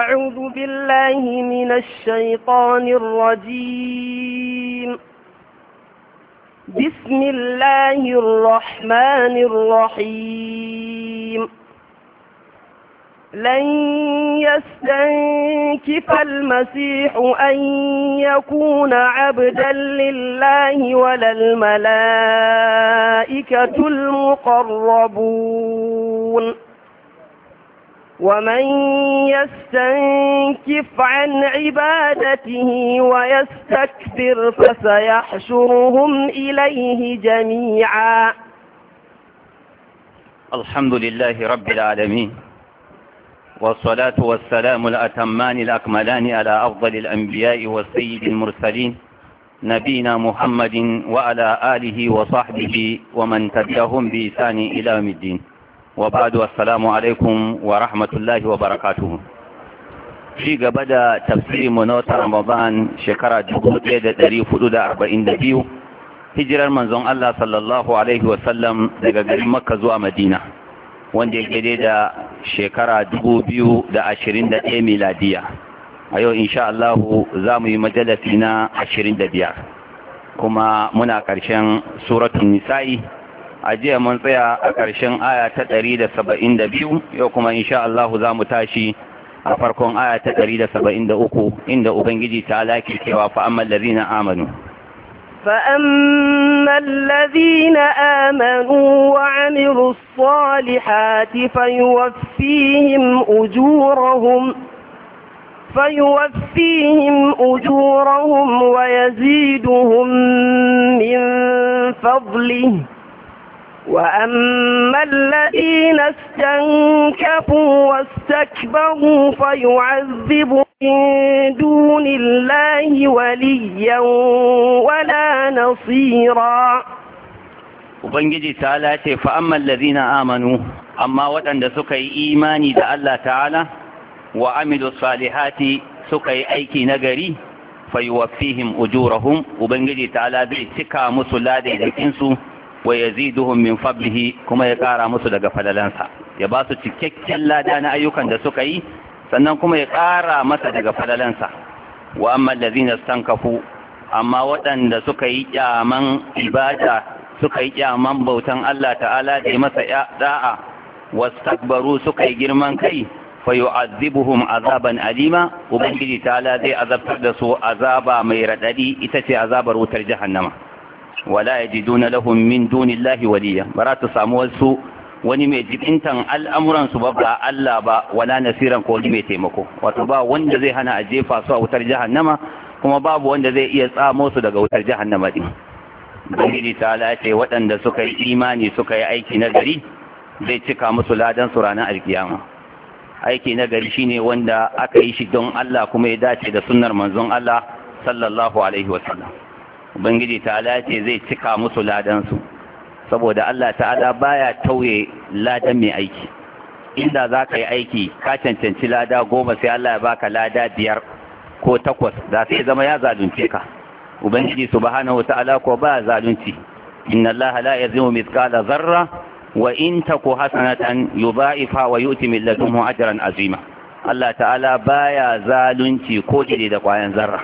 أعوذ بالله من الشيطان الرجيم بسم الله الرحمن الرحيم لن يستنكف المسيح أن يكون عبدا لله ولا الملائكة المقربون ومن يستنكف عن عبادته ويستكبر فسيحشرهم إليه جميعا الحمد لله رب العالمين والصلاة والسلام الأتمان الأكملان على أفضل الأنبياء والسيد المرسلين نبينا محمد وعلى آله وصحبه ومن تبعهم بإسان إلى الدين wa ba'du assalamu alaikum wa rahmatullahi wa barakatuhu shi gaba da tafsirin mu na wata Ramadan shekara 1442 hijirar manzon Allah sallallahu alaihi wa sallam daga garin Makka zuwa Madina wanda ya daidai da shekara 2021 miladiya a yau insha Allah za mu yi majalasi na 25 kuma muna ƙarshen suratun nisa'i a jiya mun tsaya a ƙarshen aya ta ɗari da saba'in da biyu yau kuma insha Allah za mu tashi a farkon aya ta ɗari da saba'in da uku inda ubangiji ta laki cewa fa'amman lazina amanu فأما الذين آمنوا وعملوا الصالحات فيوفيهم أجورهم فيوفيهم أجورهم ويزيدهم من فضله وأما الذين استنكفوا واستكبروا فيعذب من دون الله وليا ولا نصيرا Ubangiji ta lace fa'amman lazina amanu, amma waɗanda suka yi imani da Allah ta'ala wa amilu salihati suka yi aiki na gari, fayuwafihim ujurahum, Ubangiji ta'ala zai cika musu ladaidakinsu wa yaziduhum min fadlihi kuma ya ƙara musu daga falalansa ya ba su cikakken lada na ayyukan da suka yi sannan kuma ya ƙara masa daga falalansa wa amma allazina stankafu amma waɗanda suka yi kyaman ibada suka yi kyaman bautan Allah ta'ala da yi masa da'a wastakbaru suka yi girman kai fa yu'azzibuhum azaban alima ubangiji ta'ala zai azabtar da su azaba mai radadi ita ce azabar wutar jahannama wala yajiduna lahum min dunillahi waliya bara ta samu wasu wani mai jibintan al'amuran su ba ba Allah ba wala nasiran ko wani mai taimako wato ba wanda zai hana a jefa su a wutar jahannama kuma babu wanda zai iya tsamo su daga wutar jahannama din Ubangiji ta lace waɗanda suka yi imani suka yi aiki na gari zai cika musu ladan su ranar alkiyama aiki na gari shine wanda aka yi shi don Allah kuma ya dace da sunnar manzon Allah sallallahu alaihi wasallam ubangiji ta'ala ce zai cika musu ladansu saboda Allah ta'ala baya tauye ladan mai aiki inda za ka yi aiki ka cancanci lada goma sai Allah ya baka lada biyar ko takwas da sai zama ya zalunce ka ubangiji subhanahu ta'ala ko ba zalunci inna Allah la yazimu mithqala zarra wa in ko hasanatan yudha'ifa wa yi min ladunhu ajran azima Allah ta'ala baya zalunci ko jide da kwayan zarra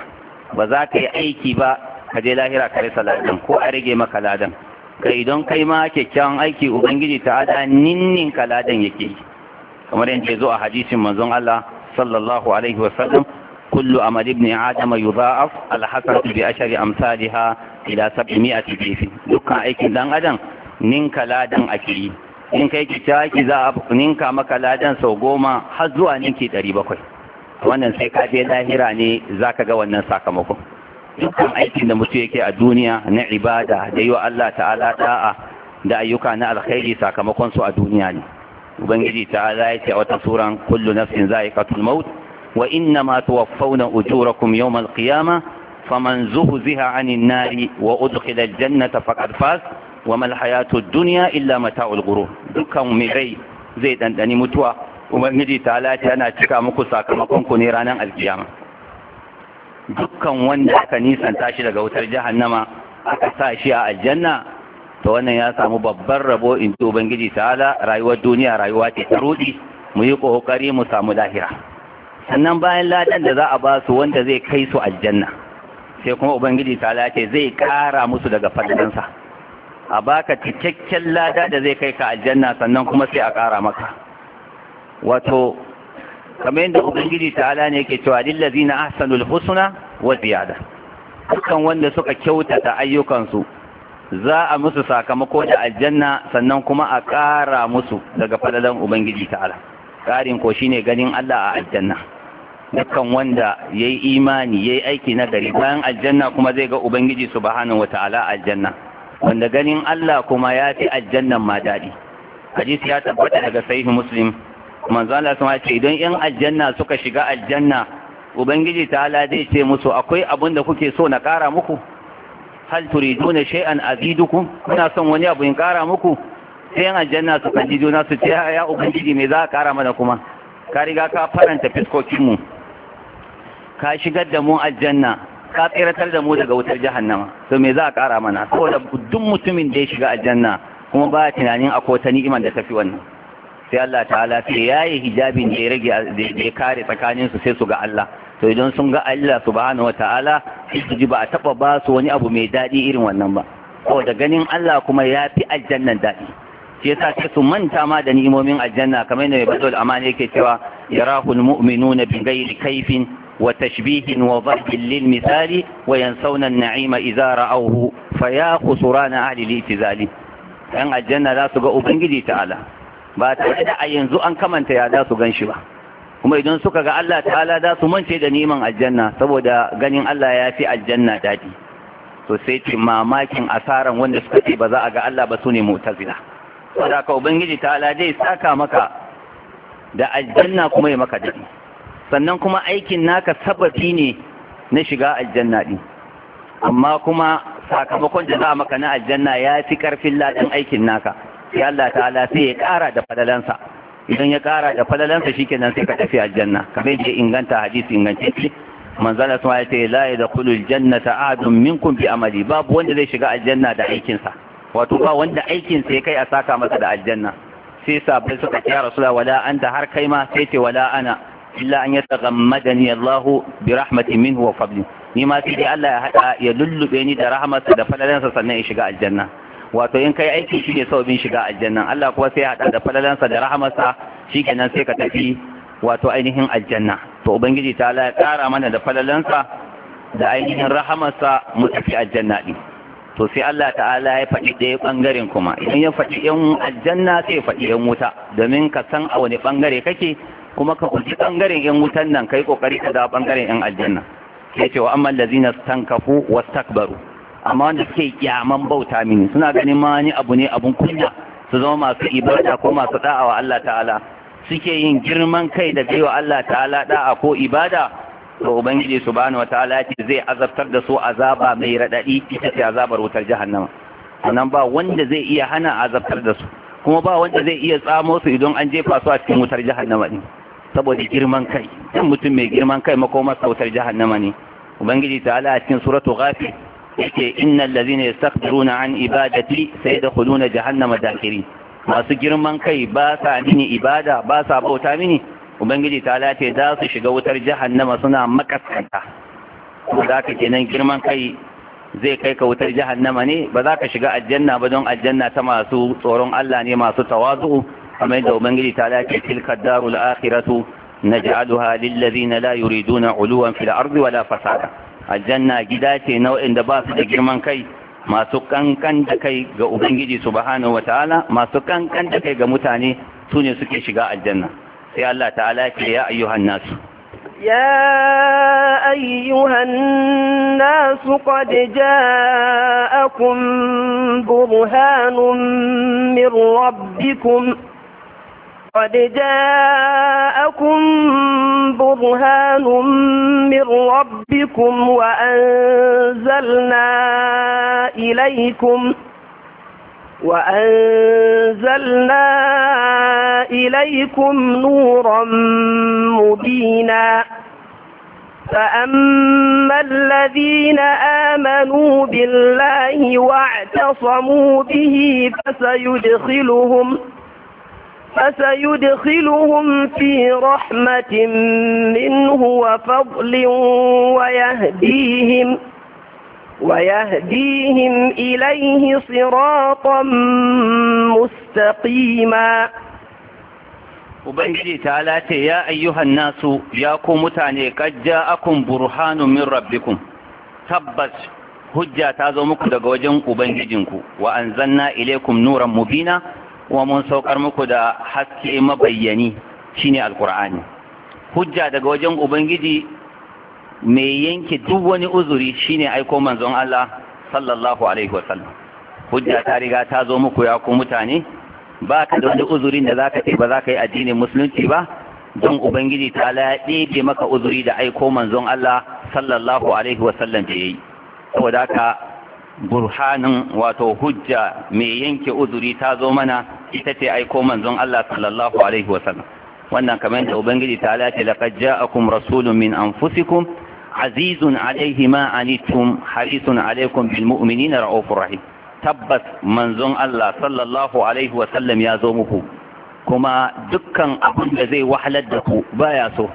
ba za ka yi aiki ba ka je lahira ka rasa ladan ko a rage maka ladan kai don kai ma kyakkyawan aiki ubangiji ta ada ninnin ka ladan yake kamar yadda zo a hadisin manzon Allah sallallahu alaihi wa sallam kullu amal ibn adam yudha'af alhasanatu bi ashari amsalha ila 700 jifi dukkan aikin dan adam ninka ladan akiri in kai ki ki za a ninka maka ladan sau goma har zuwa ninki 700 wannan sai ka je lahira ne zaka ga wannan sakamakon dukkan aikin da mutu yake a duniya na ibada da yi wa Allah ta'ala da'a da ayyuka na alkhairi sakamakon su a duniya ne ubangiji ta'ala ya ce a wata suran kullu nafsin za'iqatul maut wa inna ma tuwaffawna ujurakum yawmal qiyamah faman zuhziha 'anil nari wa udkhila jannata faqad faz wa mal hayatud dunya illa mata'ul ghurur dukkan mai rai zai dandani mutuwa ubangiji ta'ala ya ce ana cika muku sakamakon ku ne ranar alkiyama dukkan wanda aka nisanta shi daga wutar jahannama aka sa shi a aljanna to wannan ya samu babban rabo in ji ubangiji ta'ala rayuwar duniya rayuwa ce ta rudi mu yi kokari mu samu lahira sannan bayan ladan da za a ba su wanda zai kai su aljanna sai kuma ubangiji ta'ala ce zai kara musu daga fadalansa a baka cikakken lada da zai kai ka aljanna sannan kuma sai a kara maka wato kamar yadda ubangiji ta'ala ne yake cewa lillazina ahsanul husna wa ziyada dukkan wanda suka kyautata ayyukansu za a musu sakamako da aljanna sannan kuma a ƙara musu daga falalan ubangiji ta'ala ƙarin ko shine ganin Allah a aljanna dukkan wanda yayi imani yayi aiki na gari bayan aljanna kuma zai ga ubangiji subhanahu wataala aljanna wanda ganin Allah kuma ya fi aljannan ma daɗi hadisi ya tabbata daga sahihi muslim manzo Allah sama ce idan ƴan aljanna suka shiga aljanna ubangiji ta'ala zai ce musu akwai abin da kuke so na kara muku hal turiduna shay'an azidukum kuna son wani abu in kara muku sai yan aljanna su ji juna su ce ya ubangiji me za ka kara mana kuma ka riga ka faranta fiskokin mu ka shigar da mu aljanna ka tsiratar da mu daga wutar jahannama to me za ka kara mana saboda duk mutumin da ya shiga aljanna kuma ba tunanin akwai ta ni'imar da tafi wannan sai Allah ta'ala sai yayi hijabin da ya rage da ya kare tsakanin su sai su ga Allah to idan sun ga Allah subhanahu wata'ala su ji ba a taba ba su wani abu mai daɗi irin wannan ba ko da ganin Allah kuma ya fi aljannan daɗi shi yasa sai su manta ma da ni'imomin aljanna kamar yadda mai badal amana yake cewa yarahul mu'minuna bi ghairi kaifin wa tashbihin wa dhabhin lil misali wa yansawna an-na'ima idza ra'awhu fa ya khusrana ahli al-i'tizali dan aljanna za su ga ubangiji ta'ala ba tare da a yanzu an kamanta ya za su gan shi ba kuma idan suka ga Allah ta'ala za su mance da neman aljanna saboda ganin Allah ya fi aljanna daɗi to sai ce mamakin asaran wanda suka ce ba za a ga Allah ba su ne mu'tazila saboda ka ubangiji ta'ala zai saka maka da aljanna kuma ya maka daɗi sannan kuma aikin naka sababi ne na shiga aljanna ɗin amma kuma sakamakon da za maka na aljanna ya fi ƙarfin laɗin aikin naka sai Allah ta'ala sai ya kara da falalansa idan ya kara da fadalansa shikenan sai ka tafi aljanna kamar yadda inganta hadisi ingantacce manzala sun ya ce la ya dakhulul jannata adun minkum bi amali babu wanda zai shiga aljanna da aikinsa wato ba wanda aikin sai kai a saka masa da aljanna sai sabai suka ce ya rasula wala anta har kai ma sai ce wala ana illa an yataghammadani Allahu bi rahmatin minhu wa fadli ni ma sai dai Allah ya hada ya lullube ni da rahmarsa da falalansa sannan ya shiga aljanna wato in kai aiki shi ne sabbin shiga aljanna Allah kuma sai ya hada da falalansa da rahamarsa shi kenan sai ka tafi wato ainihin aljanna to ubangiji ta Allah ya kara mana da falalansa da ainihin rahamarsa mu tafi aljanna din to sai Allah ta'ala ya faɗi ɗaya ɓangaren kuma idan ya faɗi yan aljanna sai ya faɗi yan wuta domin ka san a wani ɓangare kake kuma ka kunci ɓangaren yan wutan nan kai kokari ka da ɓangaren yan aljanna sai ce wa amma allazina stankafu wastakbaru amma wanda suke kyaman bauta mini suna ganin ma ni abu ne abun kunya su zama masu ibada ko masu da'a wa Allah ta'ala suke yin girman kai da baiwa Allah ta'ala da'a ko ibada to ubangiji subhanahu wataala ce zai azabtar da su azaba mai radadi ita ce azabar wutar jahannama sannan ba wanda zai iya hana azabtar da su kuma ba wanda zai iya tsamo su idan an jefa su a cikin wutar jahannama ne saboda girman kai dan mutum mai girman kai makomar wutar jahannama ne ubangiji ta'ala a cikin suratu ghafir yake innal ladhina yastakbiruna an ibadati sayadkhuluna jahannama dakirin masu girman kai ba sa mini ibada ba sa bauta mini ubangiji ta lace za su shiga wutar jahannama suna makaskanta za ka nan girman kai zai kai ka wutar jahannama ne ba za ka shiga aljanna ba don aljanna ta masu tsoron Allah ne masu tawazu kamar da ubangiji ta lace tilka darul akhiratu naj'aluha lil ladina la yuriduna uluwan fil ardi wala fasada aljanna gida ce nau'in da ba su da girman kai masu kankan da kai ga ubangiji subhanahu wataala masu kankan da kai ga mutane su ne suke shiga aljanna sai Allah ta'ala ce ya ayyuhan nasu Ya أيها الناس قد جاءكم برهان من ربكم قد جاءكم برهان من ربكم وأنزلنا إليكم وأنزلنا إليكم نورا مبينا فأما الذين آمنوا بالله واعتصموا به فسيدخلهم فسيدخلهم في رحمة منه وفضل ويهديهم ويهديهم إليه صراطا مستقيما وبنجي تعالى يا أيها الناس جاكم متاني قد جاءكم برهان من ربكم تبت هجة تازمك دقوجنك وبنجي جنك وأنزلنا إليكم نورا مبينا kuma mun saukar muku da haske mabayyani shine alkur'ani hujja daga wajen ubangiji mai yanke duk wani uzuri shine aiko manzon Allah sallallahu alaihi wasallam hujja ta riga ta zo muku ya ku mutane ba ka da wani uzurin da zaka ce ba za yi addinin musulunci ba don ubangiji ta ya ɗebe maka uzuri da aiko manzon Allah sallallahu alaihi wasallam da yayi saboda burhanin wato hujja mai yanke uzuri ta zo mana ita ce aiko manzon Allah sallallahu alaihi wasallam wannan kamar da ubangiji ta lati laqad ja'akum rasulun min anfusikum azizun alaihi ma anittum harisun alaikum bil mu'minina raufur rahim tabbas manzon Allah sallallahu alaihi wasallam ya zo muku kuma dukkan abin da zai wahalar da ku baya so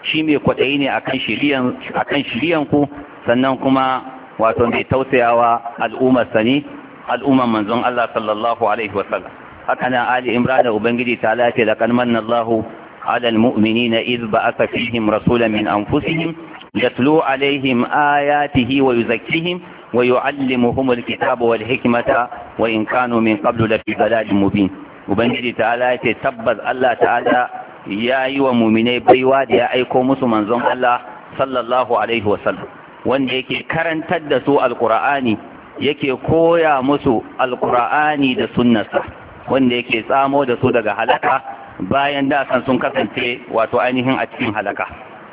shi mai kwaɗayi ne akan shiriyan ku sannan kuma wato mai tausayawa al'ummar sani al'ummar manzon Allah sallallahu alaihi wa sallam haka nan ali imran da ubangiji ta lafi da kalman Allahu ala almu'minina iz ba'atha fihim rasulan min anfusihim yatlu alaihim ayatihi wa yuzakkihim wa yu'allimuhum alkitaba wal hikmata wa in kanu min qablu lafi dhalalin mubin ubangiji ta lafi tabbas Allah ta'ala ya yi wa muminai baiwa da ya aiko musu manzon Allah sallallahu alaihi wa sallam wanda yake karantar da su alkur'ani yake koya musu alkur'ani da sunnarsa wanda yake tsamo da su daga halaka bayan dasan sun kasance wato ainihin a cikin halaka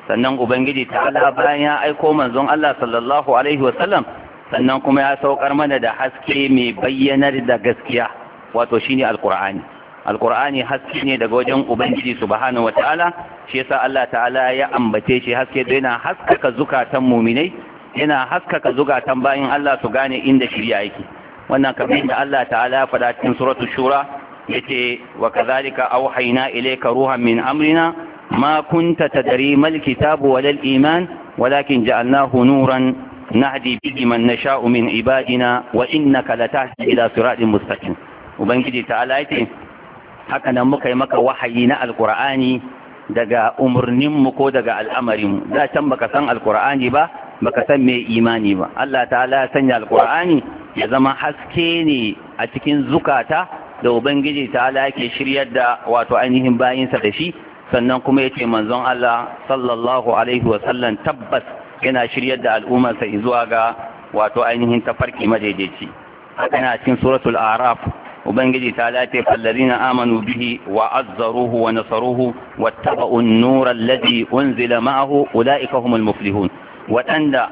sannan ubangiji ta'ala bayan ya aiko manzon Allah sallallahu alaihi wasallam sannan kuma ya saukar mana da haske mai bayyanar da gaskiya wato shine alkur'ani Alkur'ani haske ne daga wajen ubangiji subhanahu wataala shi yasa Allah ta'ala ya ambace shi haske don yana haskaka zukatan mu'minai yana haskaka zukatan bayin Allah su gane inda shirya yake wannan kamar da Allah ta'ala ya faɗa cikin suratul shura yace wa kadhalika awhayna ilayka ruhan min amrina ma kunta tadri mal kitabu wal iman walakin ja'alnahu nuran nahdi bihi man nasha'u min ibadina wa innaka latahdi ila siratin mustaqim ubangiji ta'ala yace haka nan muka yi maka wahayi na alkur'ani daga umarninmu ko daga al'amarinmu za can baka san alkur'ani ba baka san mai imani ba Allah ta'ala ya sanya alkur'ani ya zama haske ne a cikin zukata da ubangiji ta'ala yake shiryar da wato ainihin bayinsa da shi sannan kuma yace manzon Allah sallallahu alaihi wa sallam tabbas yana shiryar da al'ummarsa zuwa ga wato ainihin tafarki madaidaici haka cikin suratul araf ubangiji ta lace fallazina amanu bihi wa azzaruhu wa nasaruhu wattaba'u an-nura alladhi unzila ma'ahu ulaika humul muflihun Waɗanda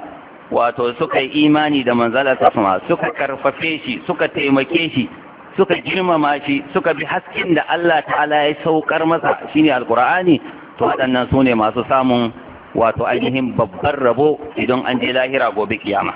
wato suka yi imani da manzala ta suka karfafe shi suka taimake shi suka girmama shi suka bi hasken da Allah ta'ala ya saukar masa shine alqur'ani to waɗannan su ne masu samun wato ainihin babban rabo idan an je lahira gobe kiyama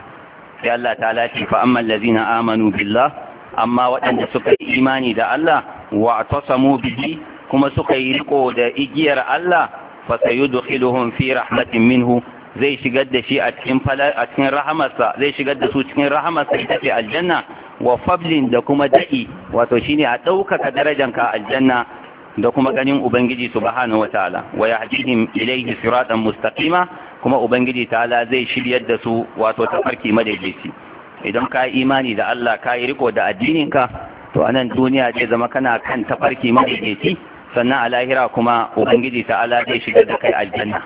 sai Allah ta'ala ce fa amma allazina amanu billah amma waɗanda suka yi imani da Allah wa tasamu bihi kuma suka yi riko da igiyar Allah fa sayudkhiluhum fi rahmatin minhu zai shigar da shi a cikin a cikin rahamarsa zai shigar da su cikin rahamarsa ita ce aljanna wa fablin da kuma da'i wato shine a ɗaukaka darajanka aljanna da kuma ganin ubangiji subhanahu wataala wa yahdihim ilayhi siratan mustaqima kuma ubangiji ta'ala zai shiryar da su wato tafarki madaidaici idan ka yi imani da Allah ka yi riko da addininka to a nan duniya zai zama kana kan tafarki madaidaici sannan a lahira kuma ubangiji ta Allah zai shiga da kai aljanna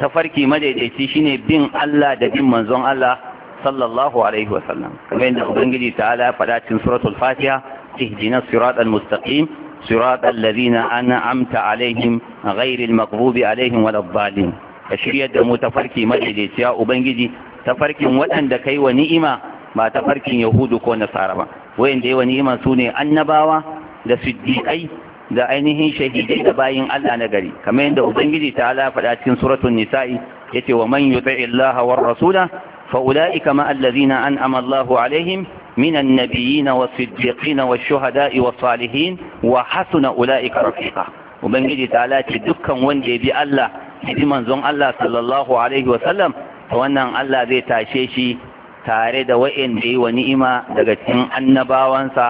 tafarki madaidaici shine bin Allah da bin manzon Allah sallallahu alaihi wa sallam kamar yadda ubangiji ta Allah ya cikin suratul fatiha ihdina siratal mustaqim siratal ladina an'amta alaihim ghairil maghdubi alaihim waladdallin ka shiryar da mu tafarki madaidaiciya ubangiji tafarkin waɗanda kai wa ni'ima ba ta farkin yahudu ko nasara ba wayan da yawa ni'ima su ne annabawa da siddiqai da ainihin shahidai da bayin Allah na gari kamar yadda ubangiji ta ala faɗa cikin suratul nisa'i yace wa man yuti'i Allah war rasula fa ulaika ma allazina an'ama Allah alaihim من النبيين والصديقين والشهداء والصالحين وحسن أولئك رفيقا وبنجي تعالى دكا وندي بي الله دي منزون الله صلى الله عليه وسلم wannan Allah zai tashe shi tare da wa'inda yi wa ni'ima daga cikin annabawansa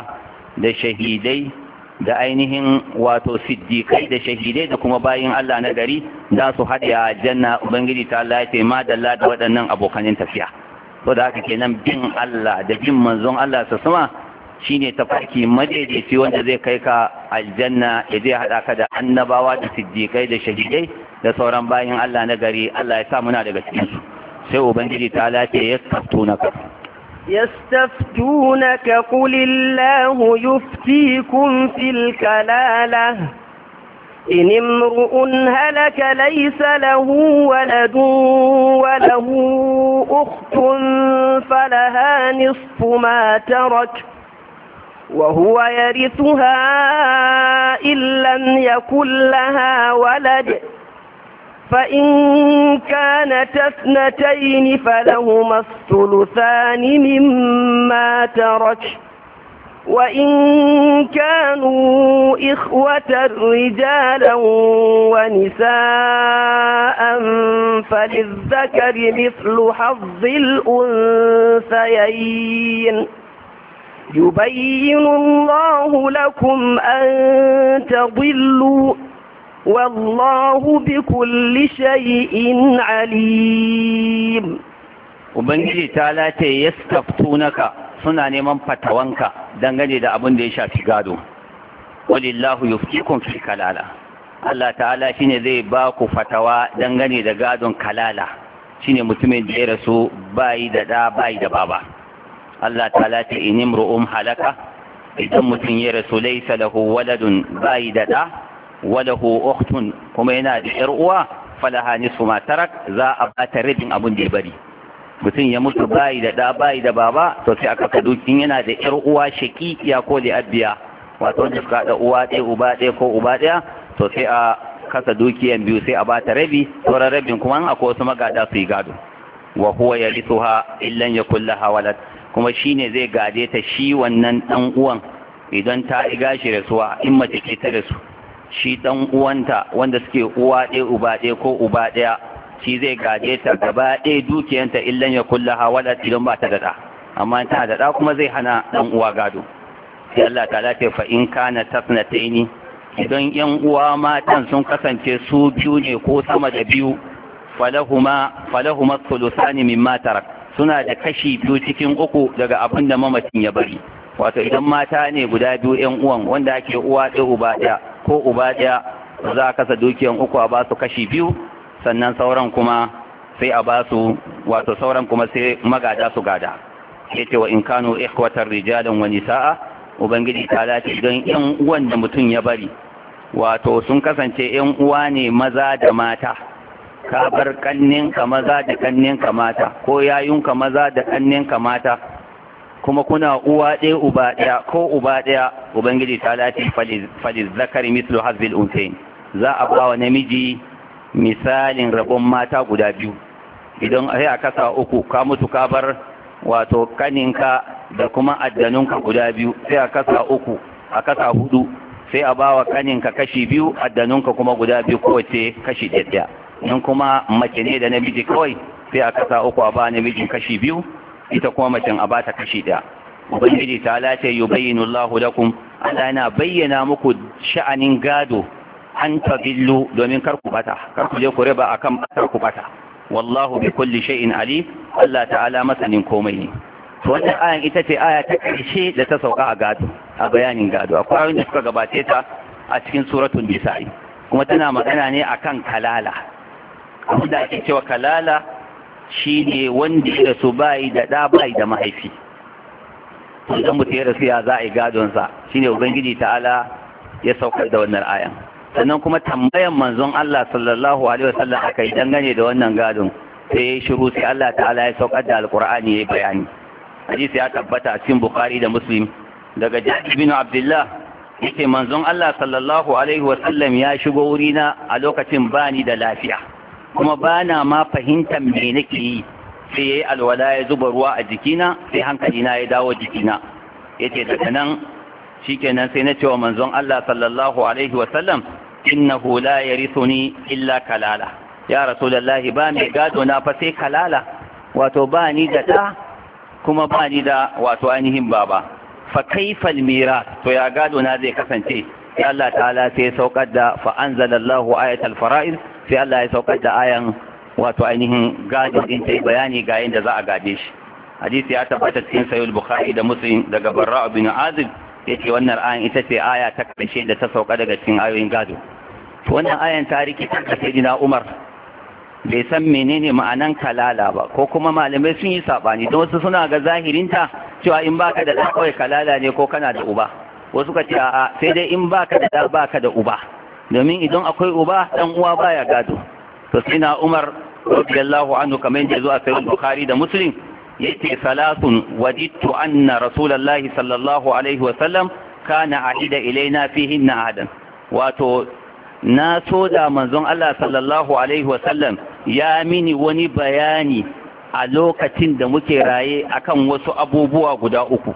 da shahidai da ainihin wato siddiƙai da shahidai da kuma bayin Allah na gari za su haɗe a janna ubangiji ta Allah ya ma da da waɗannan abokanin tafiya So da haka kenan bin Allah da bin manzon Allah su sama shine tafarki madaidaici wanda zai kai ka aljanna ya zai haɗa ka da annabawa da siddiƙai da shahidai da sauran bayin Allah na gari Allah ya sa muna daga cikinsu سو بنجي تعالى يستفتونك يستفتونك قل الله يفتيكم في الكلالة إن امرؤ هلك ليس له ولد وله أخت فلها نصف ما ترك وهو يرثها إن لم يكن لها ولد فإن كانت اثنتين فلهما الثلثان مما ترك وإن كانوا إخوة رجالا ونساء فللذكر مثل حظ الأنثيين يبين الله لكم أن تضلوا والله بكل شيء عليم ubangiji ta lace yastaftunaka suna neman fatawanka dangane da abin da ya shafi gado walillahu yuftikum fi kalala Allah ta'ala shine zai ba ku fatawa dangane da gadon kalala shine mutumin da ya rasu bayi da da bayi da baba Allah ta'ala ta inimru'um halaka idan mutum ya rasu laysa lahu waladun bayi da da walahu ukhtun kuma yana da yar uwa falaha nisfu ma tarak za a bata rabin abun da ya bari mutum ya mutu bayi da da bayi da baba to sai aka ka dukin yana da yar uwa shaqiqiya ko da abiya wato da suka da uwa ɗaya uba ɗaya ko uba ɗaya to sai a kasa dukiyan biyu sai a bata rabi sauran rabin kuma akwai wasu magada su yi gado wa huwa yarithuha illan yakul laha walad kuma shine zai gade ta shi wannan dan uwan idan ta iga shi rasuwa in mace ce ta rasu shi ɗan uwanta wanda suke uwa ɗaya uba ɗaya ko uba ɗaya shi zai gaje ta gaba ɗaya dukiyanta illan ya kulla hawala idan ba ta daɗa amma ta daɗa kuma zai hana ɗan uwa gado sai Allah ta lafiya fa in kana ni. idan yan uwa matan sun kasance su biyu ne ko sama da biyu falahuma falahuma thulusani mimma tarak suna da kashi biyu cikin uku daga abin da mamacin ya bari wato idan mata ne guda biyu yan uwan wanda ake uwa ɗaya uba ɗaya ko uba ɗaya za a kasa dukiyan uku a basu kashi biyu sannan sauran kuma sai a basu wato sauran kuma sai magada su gada yace wa in kano ikhwatar rijalan wani sa'a, ubangiji ta lati don yan uwan da mutum ya bari wato sun kasance yan uwa ne maza da mata ka bar kanninka maza da kanninka mata ko yayunka maza da kanninka mata kuma kuna uwa ɗaya uba ɗaya ko uba ɗaya ubangiji ta lati faliz zakari mislu hazbil unsain za a ba wa namiji misalin rabon mata guda biyu idan sai a kasa uku ka mutu ka bar wato kaninka da kuma addanunka guda biyu sai a kasa uku a kasa hudu sai a ba wa kaninka kashi biyu addanunka kuma guda biyu kowace kashi ɗaya in kuma mace ne da namiji kawai sai a kasa uku a ba namijin kashi biyu ita kuma macen a bata kashi ɗaya ubangiji ta lace yubayyinu Allahu lakum Allah yana bayyana muku sha'anin gado an billu domin kar ku bata kar ku je ku riba akan kar ku bata wallahu bi kulli shay'in ali Allah ta'ala masanin komai ne to wannan ayan ita ce aya ta karshe da ta sauka a gado a bayanin gado akwai ayoyin da suka gabace ta a cikin suratun nisa'i kuma tana magana ne akan kalala abin da ake cewa kalala shi ne wanda ya rasu bayi da ɗa bayi da mahaifi idan mutum ya rasu ya za a yi gadonsa shi ne ubangiji ta'ala ya saukar da wannan ayan sannan kuma tambayan manzon Allah sallallahu alaihi wasallam aka yi dangane da wannan gadon sai ya yi shiru sai Allah ta'ala ya saukar da alkur'ani ya yi bayani hadisi ya tabbata a cikin bukhari da muslim daga jabi bin abdullah yake manzon Allah sallallahu alaihi wasallam ya shigo wurina a lokacin bani da lafiya kuma ba na ma fahimtar me nake yi sai ya yi alwala ya zuba ruwa a jikina sai hankalina ya dawo jikina ya ce daga nan shikenan sai na ce wa manzon Allah sallallahu alaihi wasallam innahu la yarithuni illa kalala ya rasulullahi ba mai gado na fa sai kalala wato ba ni da da kuma ba ni da wato ainihin baba fa kaifal mira to ya gado na zai kasance Allah ta'ala sai saukar da fa anzalallahu ayatul fara'id sai Allah ya saukar da ayan wato ainihin gadin din yi bayani ga yadda za a gaje shi hadisi ya tabbata cikin sahih bukhari da muslim daga barra bin azib Yake wannan ayan ita ce aya ta karshe da ta sauka daga cikin ayoyin gado to wannan ayan ta rikita ta umar bai san menene ma'anan kalala ba ko kuma malamai sun yi sabani don wasu suna ga zahirinta cewa in baka da kawai kalala ne ko kana da uba wasu ka ce a'a sai dai in baka da baka da uba domin idan akwai uba dan uwa baya gado to sai na Umar radiyallahu anhu kamar yadda zuwa sahih Bukhari da Muslim yace salatun wajidtu anna rasulullahi sallallahu alaihi wa sallam kana ahida ilaina na ahadan wato na so da manzon Allah sallallahu alaihi wa sallam ya mini wani bayani a lokacin da muke raye akan wasu abubuwa guda uku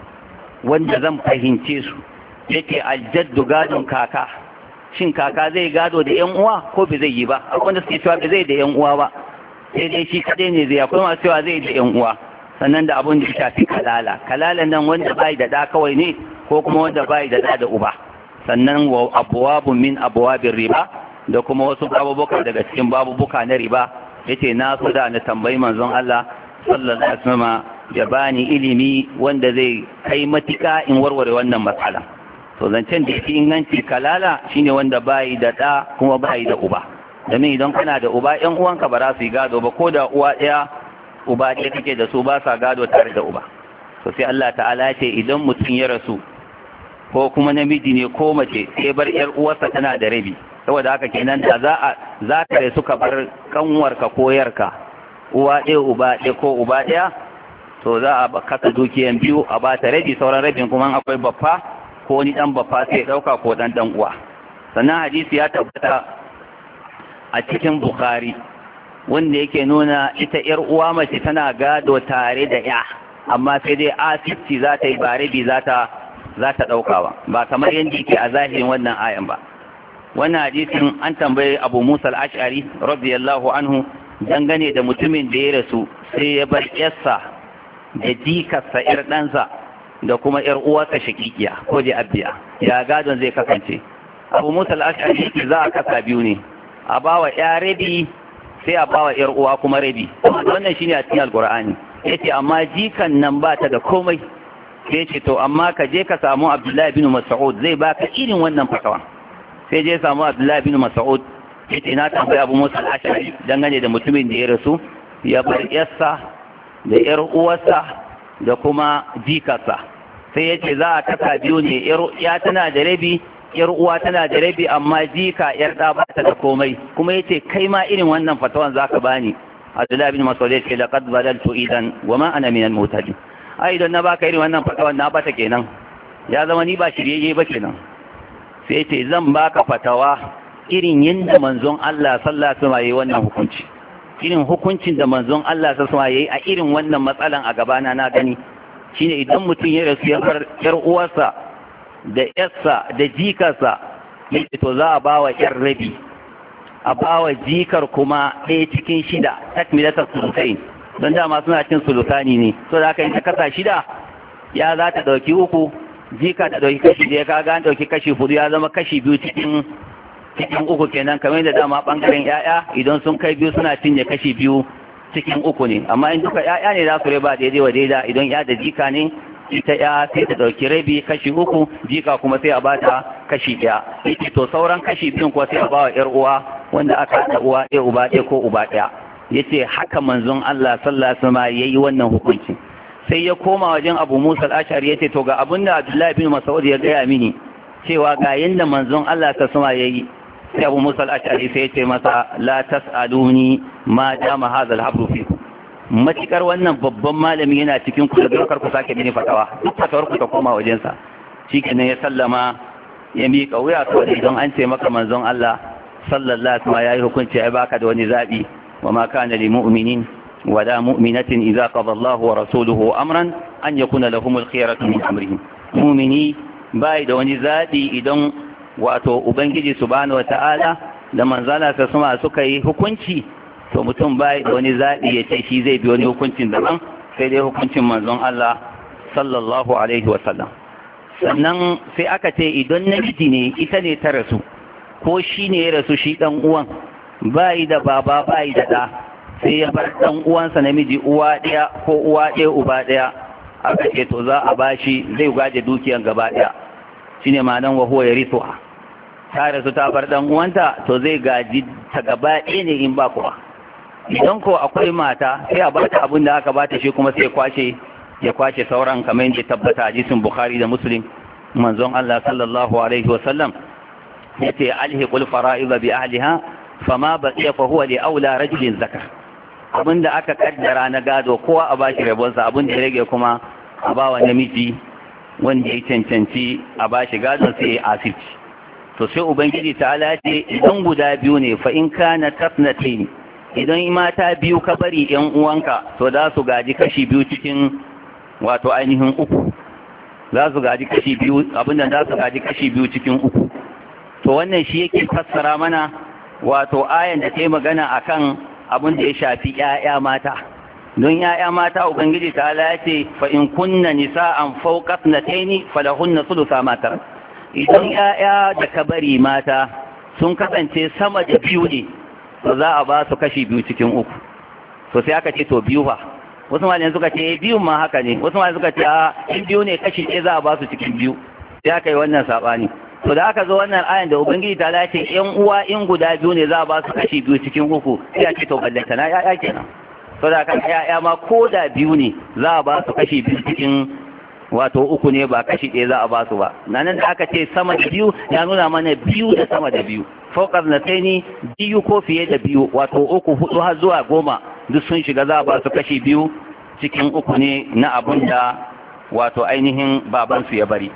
wanda zan fahimce su yake aljaddu gadon kaka shin kaka zai gado da yan uwa ko bai zai yi ba akwai wanda suke cewa bai zai da yan uwa ba sai dai shi kadai ne zai akwai masu cewa zai da yan uwa sannan da abun da ya shafi kalala kalala nan wanda bai da da kawai ne ko kuma wanda bai da da da uba sannan wa abwabun min abwabir riba da kuma wasu babubuka daga cikin babubuka na riba yace na so da na tambayi manzon Allah sallallahu alaihi wasallam ya bani ilimi wanda zai kai matika in warware wannan matsala to zancen da yake inganci kalala shine wanda bayi da ɗa kuma bayi da uba domin idan kana da uba yan uwanka ba za su yi gado ba ko da uwa ɗaya uba ɗaya kake da su ba sa gado tare da uba to sai Allah ta'ala ya ce idan mutum ya rasu ko kuma namiji ne ko mace sai bar ƴar uwarsa tana da rabi saboda haka kenan da za a za ka suka bar kanwarka ko yarka uwa ɗaya uba ɗaya ko uba ɗaya to za a kasa dukiyan biyu a ba ta rabi sauran rabin kuma akwai baffa ko wani ɗan bafa sai ɗauka ko dan ɗan uwa sannan hadisi ya tabbata a cikin bukhari wanda yake nuna ita yar uwa mace tana gado tare da ya amma sai dai asibiti za ta yi ba rabi za ta za ba ba kamar yadda yake a zahirin wannan ayan ba wannan hadisin an tambayi abu musa al-ash'ari radiyallahu anhu dangane da mutumin da ya rasu sai ya bar yarsa da jikarsa yar ɗansa da kuma ‘yar uwarsa shakikiya ko je abbiya ya gadon zai kasance abu musa al'ashari za a kasa biyu ne a bawa ya rabi sai a bawa ‘yar uwa kuma rabi wannan shine a cikin alkur'ani ya ce amma jikan nan ba ta da komai sai ce to amma ka je ka samu abdullahi bin mas'ud zai baka irin wannan fatawa sai je samu abdullahi bin mas'ud ya ce na tambayi abu musa al'ashari dangane da mutumin da ya rasu ya bar yarsa da ‘yar uwarsa da kuma jikarsa sai ya ce za a kasa biyu ne ya tana da rabi yar uwa tana da rabi amma jika yar da ba ta da komai kuma yace kai ma irin wannan fatawan zaka bani Abdullah bin Mas'ud yace laqad badaltu idan ma ana min al-muhtadin ai idan na baka irin wannan fatawan na bata kenan ya zama ni ba shiriyeye ba kenan sai yace zan baka fatawa irin yanda manzon Allah sallallahu alaihi wasallam yayi wannan hukunci irin hukuncin da manzon Allah ta ya yayi a irin wannan matsalan a gabana na gani shine idan mutum ya rasu yar uwarsa da yarsa da jikarsa yake to za a ba wa yar rabi a ba wa jikar kuma ɗaya cikin shida takmilatar sulusain don dama suna cin sulutani ne so da aka yi ta kasa shida ya za ta ɗauki uku jika ta ɗauki kashi ɗaya ka ga an ɗauki kashi hudu ya zama kashi biyu cikin cikin uku kenan kamar yadda dama bangaren yaya idan sun kai biyu suna cinye kashi biyu cikin uku ne amma in duka yaya ne za su raba daidai wa daidai idan ya da jika ne ita ya sai ta dauki rabi kashi uku jika kuma sai a bata kashi daya ita to sauran kashi biyun kuwa sai a bawa yar uwa wanda aka da uwa ɗaya uba ɗaya ko uba ɗaya yace haka manzon Allah sallallahu alaihi wasallam yayi wannan hukunci sai ya koma wajen Abu Musa al-Ash'ari yace to ga abinda Abdullahi bin Mas'ud ya gaya mini cewa ga yanda manzon Allah sallallahu alaihi yayi abu musa al'ashari sai ya ce masa la tas'aluni ma dama hadha al-habru fi matikar wannan babban malami yana cikin ku da dokar ku sake mini fatawa duk fatawar ku ta koma wajen sa shikenan ya sallama ya miƙa wuya to idan an ce maka manzon Allah sallallahu alaihi wasallam yayi hukunci ai baka da wani zabi wa ma kana lil mu'minin wa la mu'minatin idza qada Allahu wa rasuluhu amran an yakuna lahumul khiyaratu min amrihim mu'mini bai da wani zabi idan wato ubangiji subhanahu wata'ala da manzala ta suma suka yi hukunci to mutum bai da wani zaɓi ya ce shi zai bi wani hukuncin daban sai dai hukuncin manzon Allah sallallahu alaihi wasallam sannan sai aka ce idan namiji ne ita ne ta rasu ko shi ne ya rasu shi ɗan uwan bai da baba bai da ɗa sai ya bar ɗan uwansa namiji uwa ɗaya ko uwa ɗaya uba ɗaya aka ce to za a bashi zai gaje dukiyan gaba ɗaya shine nan wa huwa yarithu ta rasu ta bar dan uwanta to zai gaji ta gaba ɗaya ne in ba kuwa idan ko akwai mata sai a bata abin da aka bata shi kuma sai kwashe ya kwashe sauran kamar yadda tabbata hadisin bukhari da muslim manzon Allah sallallahu alaihi wa sallam yace alhiqul fara'id bi ahliha fama baqiya fa huwa li aula rajulin zakar abinda aka kaddara na gado kowa a bashi sa abin da rage kuma a ba wa namiji wanda ya cancanci a bashi gado sai asirci to sai ubangiji ta'ala ce idan guda biyu ne fa in kana tasnatain idan mata biyu ka bari yan uwanka to za su gaji kashi biyu cikin wato ainihin uku za su gaji kashi biyu abinda za su gaji kashi biyu cikin uku to wannan shi yake fassara mana wato ayan da ta yi magana akan abin da ya shafi 'ya'ya mata don 'ya'ya mata ubangiji ta ala ce fa in kunna nisa'an fawqa na taini falahunna thulutha ma tarak idan ‘ya'ya da kabari mata sun kasance sama da biyu ne to za a ba su kashi biyu cikin uku to sai aka ce to biyu ba, wasu yanzu suka ce eh, biyu ma haka ne wasu yanzu suka ce a in biyu ne kashi ɗaya za a ba su cikin biyu sai aka yi wannan saɓani to da aka zo wannan ayan da ubangiji ta ce yan uwa in guda biyu ne za a ba su kashi biyu cikin uku sai a ce to ballanta na ya'ya kenan to da kan ya'ya ma ko da biyu ne za a ba su kashi biyu cikin wato uku ne ba kashi ɗaya za a ba su ba nan da aka ce sama da biyu ya nuna mana biyu da sama da biyu fokar na sai ni biyu ko fiye da biyu wato uku hudu har zuwa goma duk sun shiga za a ba su kashi biyu cikin uku ne na abun da wato ainihin babansu ya bari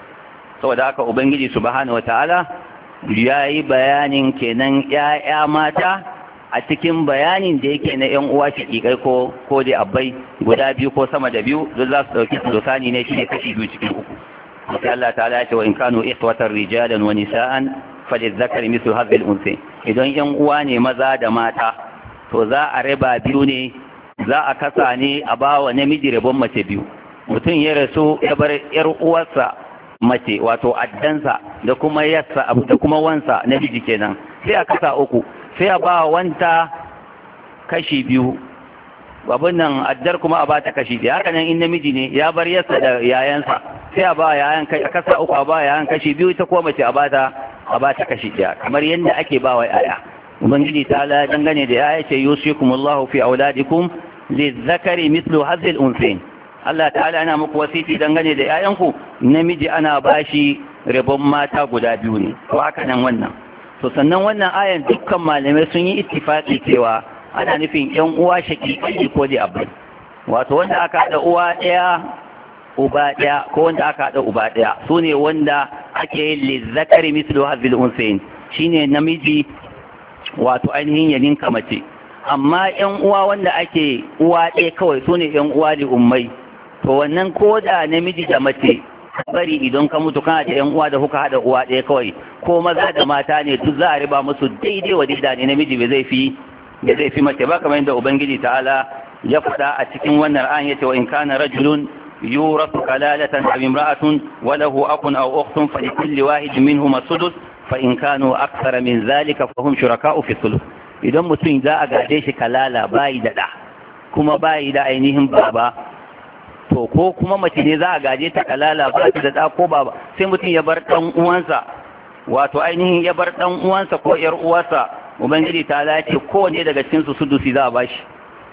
saboda haka ubangiji subhanahu wataala ya yi bayanin kenan 'ya'ya mata a cikin bayanin da yake na yan uwa shakikai ko ko da abbai guda biyu ko sama da biyu don za su dauki sultani ne ne kashi biyu cikin uku sai Allah ta ya ce wa in kanu ihwatan rijalan wa nisaan falizakari mislu hadhil Unse? idan yan uwa ne maza da mata to za a raba biyu ne za a kasa ne a bawa namiji rabon mace biyu mutum ya rasu ya bar yar uwarsa mace wato addansa da kuma yassa da kuma wansa namiji kenan sai a kasa uku sai a ba wanta kashi biyu abin nan addar kuma a bata kashi biyu haka nan in namiji ne ya bar yasa da yayansa sai a ba yayan kashi kasa uku a ba yayan kashi biyu ita kuma mace a bata a bata kashi daya kamar yadda ake ba wa yaya ubangiji ta ala dangane da yaya ce yusikumullahu fi auladikum lizzakari mithlu hazil unsain Allah ta'ala yana muku wasiti dangane da 'ya'yanku namiji ana bashi rabon mata guda biyu ne to haka nan wannan to sannan wannan ayan dukkan malamai sun yi ittifaqi cewa ana nufin yan uwa shaki, shaqiqi ko da abin? wato wanda aka haɗa uwa ɗaya uba ɗaya ko wanda aka haɗa uba ɗaya sune wanda ake yin lizzakari mislu hazil unsayn shine namiji wato ainihin yanin kamace amma yan uwa wanda ake uwa ɗaya kawai sune ne yan uwa li ummai to wannan ko da namiji da mace bari idan ka mutu kana da yan uwa da kuka haɗa uwa ɗaya kawai ko maza da mata ne duk za a riba musu daidai wa daidai ne namiji bai zai fi bai zai fi mace ba kamar yadda ubangiji ta'ala ya faɗa a cikin wannan an yace wa in kana rajulun yurasu kalalatan aw imra'atun wa lahu akun aw ukhtun fa likulli wahid minhum as-sudus fa in kanu akthara min zalika fa hum shuraka'u fi sulh idan mutum za a gade shi kalala bayi da da kuma bayi da ainihin baba to ko kuma mace ne za a gaje ta kalala ba ta da da ko ba sai mutum ya bar dan uwansa wato ainihin ya bar dan uwansa ko yar uwarsa ubangiji ta lace kowanne daga cikin su sudusi za a bashi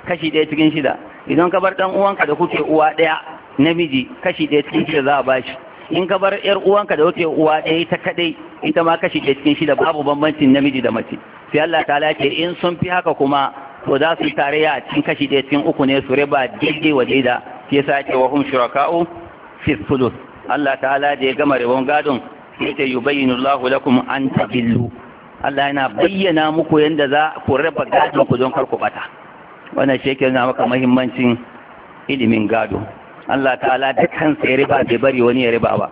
kashi ɗaya cikin shida idan ka bar dan uwanka da kuke uwa ɗaya namiji kashi ɗaya cikin shida za a bashi in ka bar yar uwanka da kuke uwa ɗaya ta kadai ita ma kashi ɗaya cikin shida babu bambancin namiji da mace sai Allah ta lace in sun fi haka kuma to za su yi tarayya a cikin kashi ɗaya cikin uku ne su riba daidai wa daida shi yasa ake wa hum shuraka'u fi thuluth Allah ta'ala da ya gama rabon gadon sai ta yubayyinu Allahu lakum an tabillu Allah yana bayyana muku yadda za ku raba gadon ku don kar ku bata wannan shi yake maka muhimmancin ilimin gado Allah ta'ala da kansa ya riba bai bari wani ya riba ba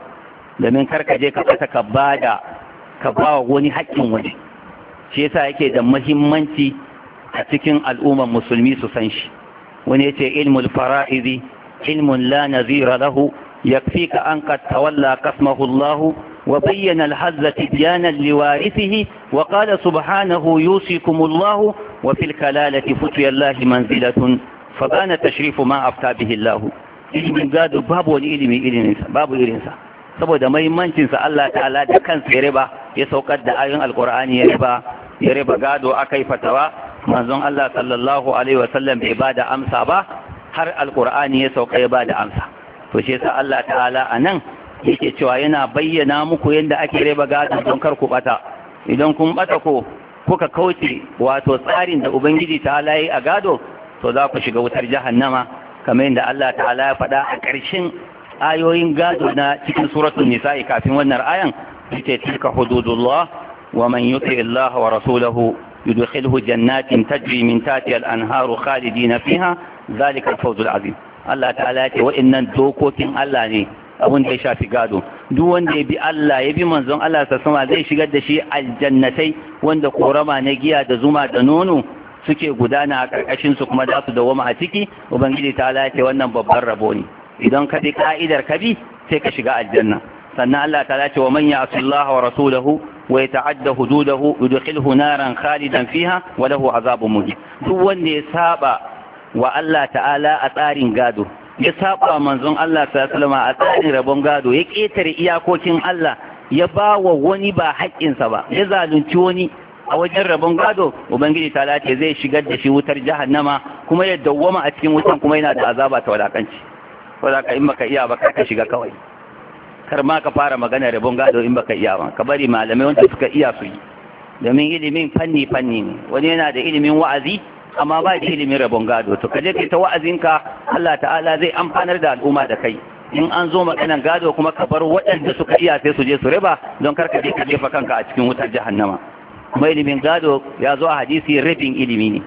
domin kar ka je ka fata ka bada ka bawa wani haƙƙin wani shi yasa yake da mahimmanci a cikin al'ummar musulmi su san shi wani yace ilmul fara'izi علم لا نذير له يكفيك أن قد تولى قسمه الله وبين الحز تبيانا لوارثه وقال سبحانه يوصيكم الله وفي الكلالة فتي الله منزلة فبان تشريف ما أفتى به الله ilimin gado babu wani ilimi iliminsa babu irinsa saboda mahimmancinsa Allah ta'ala da kansa ya ya saukar da ayoyin alkur'ani ya riba ya gado akai fatawa manzon Allah sallallahu alaihi wasallam bai amsa ba har alkur'ani ya sauka ya ba da amsa to shi yasa Allah ta'ala a nan yake cewa yana bayyana muku yadda ake raba gado don kar ku bata idan kun bata ko kuka kauce wato tsarin da ubangiji ta yi a gado to za ku shiga wutar jahannama kamar yadda Allah ta'ala ya faɗa a ƙarshen ayoyin gado na cikin suratul nisa'i kafin wannan ayan yace tilka hududullah wa man yuti Allah wa rasulahu يدخله جنات تجري من Anharu, الأنهار خالدين فيها ذلك الفوز العظيم الله تعالى وإن دوكوكين الله ني abun da ya shafi gado duk wanda ya bi Allah ya bi manzon Allah sa sama zai shigar da shi aljannatai wanda korama na giya da zuma da nono suke gudana a ƙarƙashin su kuma za su dawoma a ciki ubangiji ta ce wannan babban rabo ne idan ka bi ka'idar ka bi sai ka shiga aljanna sannan Allah ta ce wa manya ya'si Allah wa rasulahu wa ta'adda hududahu yudkhilhu naran khalidan fiha wa lahu azabun duk wanda ya saba wa Allah ta'ala a tsarin gado ya saba manzon Allah sallallahu alaihi a tsarin rabon gado ya ketare iyakokin Allah ya ba wa wani ba haƙƙinsa ba ya zalunci wani a wajen rabon gado ubangiji ta lace zai shigar da shi wutar jahannama kuma ya dawwama a cikin wutan kuma yana da azaba ta wadakanci wadaka in baka iya ba ka shiga kawai kar ma ka fara magana rabon gado in baka iya ba ka bari malamai wanda suka iya su yi domin ilimin fanni fanni ne wani yana da ilimin wa'azi amma ba da ilimin rabon gado to ka je kai ta wa'azinka Allah ta'ala zai amfanar da al'umma da kai in an zo maganan gado kuma ka bar waɗanda suka iya sai su je su riba don kar ka je ka jefa kanka a cikin wutar jahannama kuma ilimin gado ya zo a hadisi rabin ilimi ne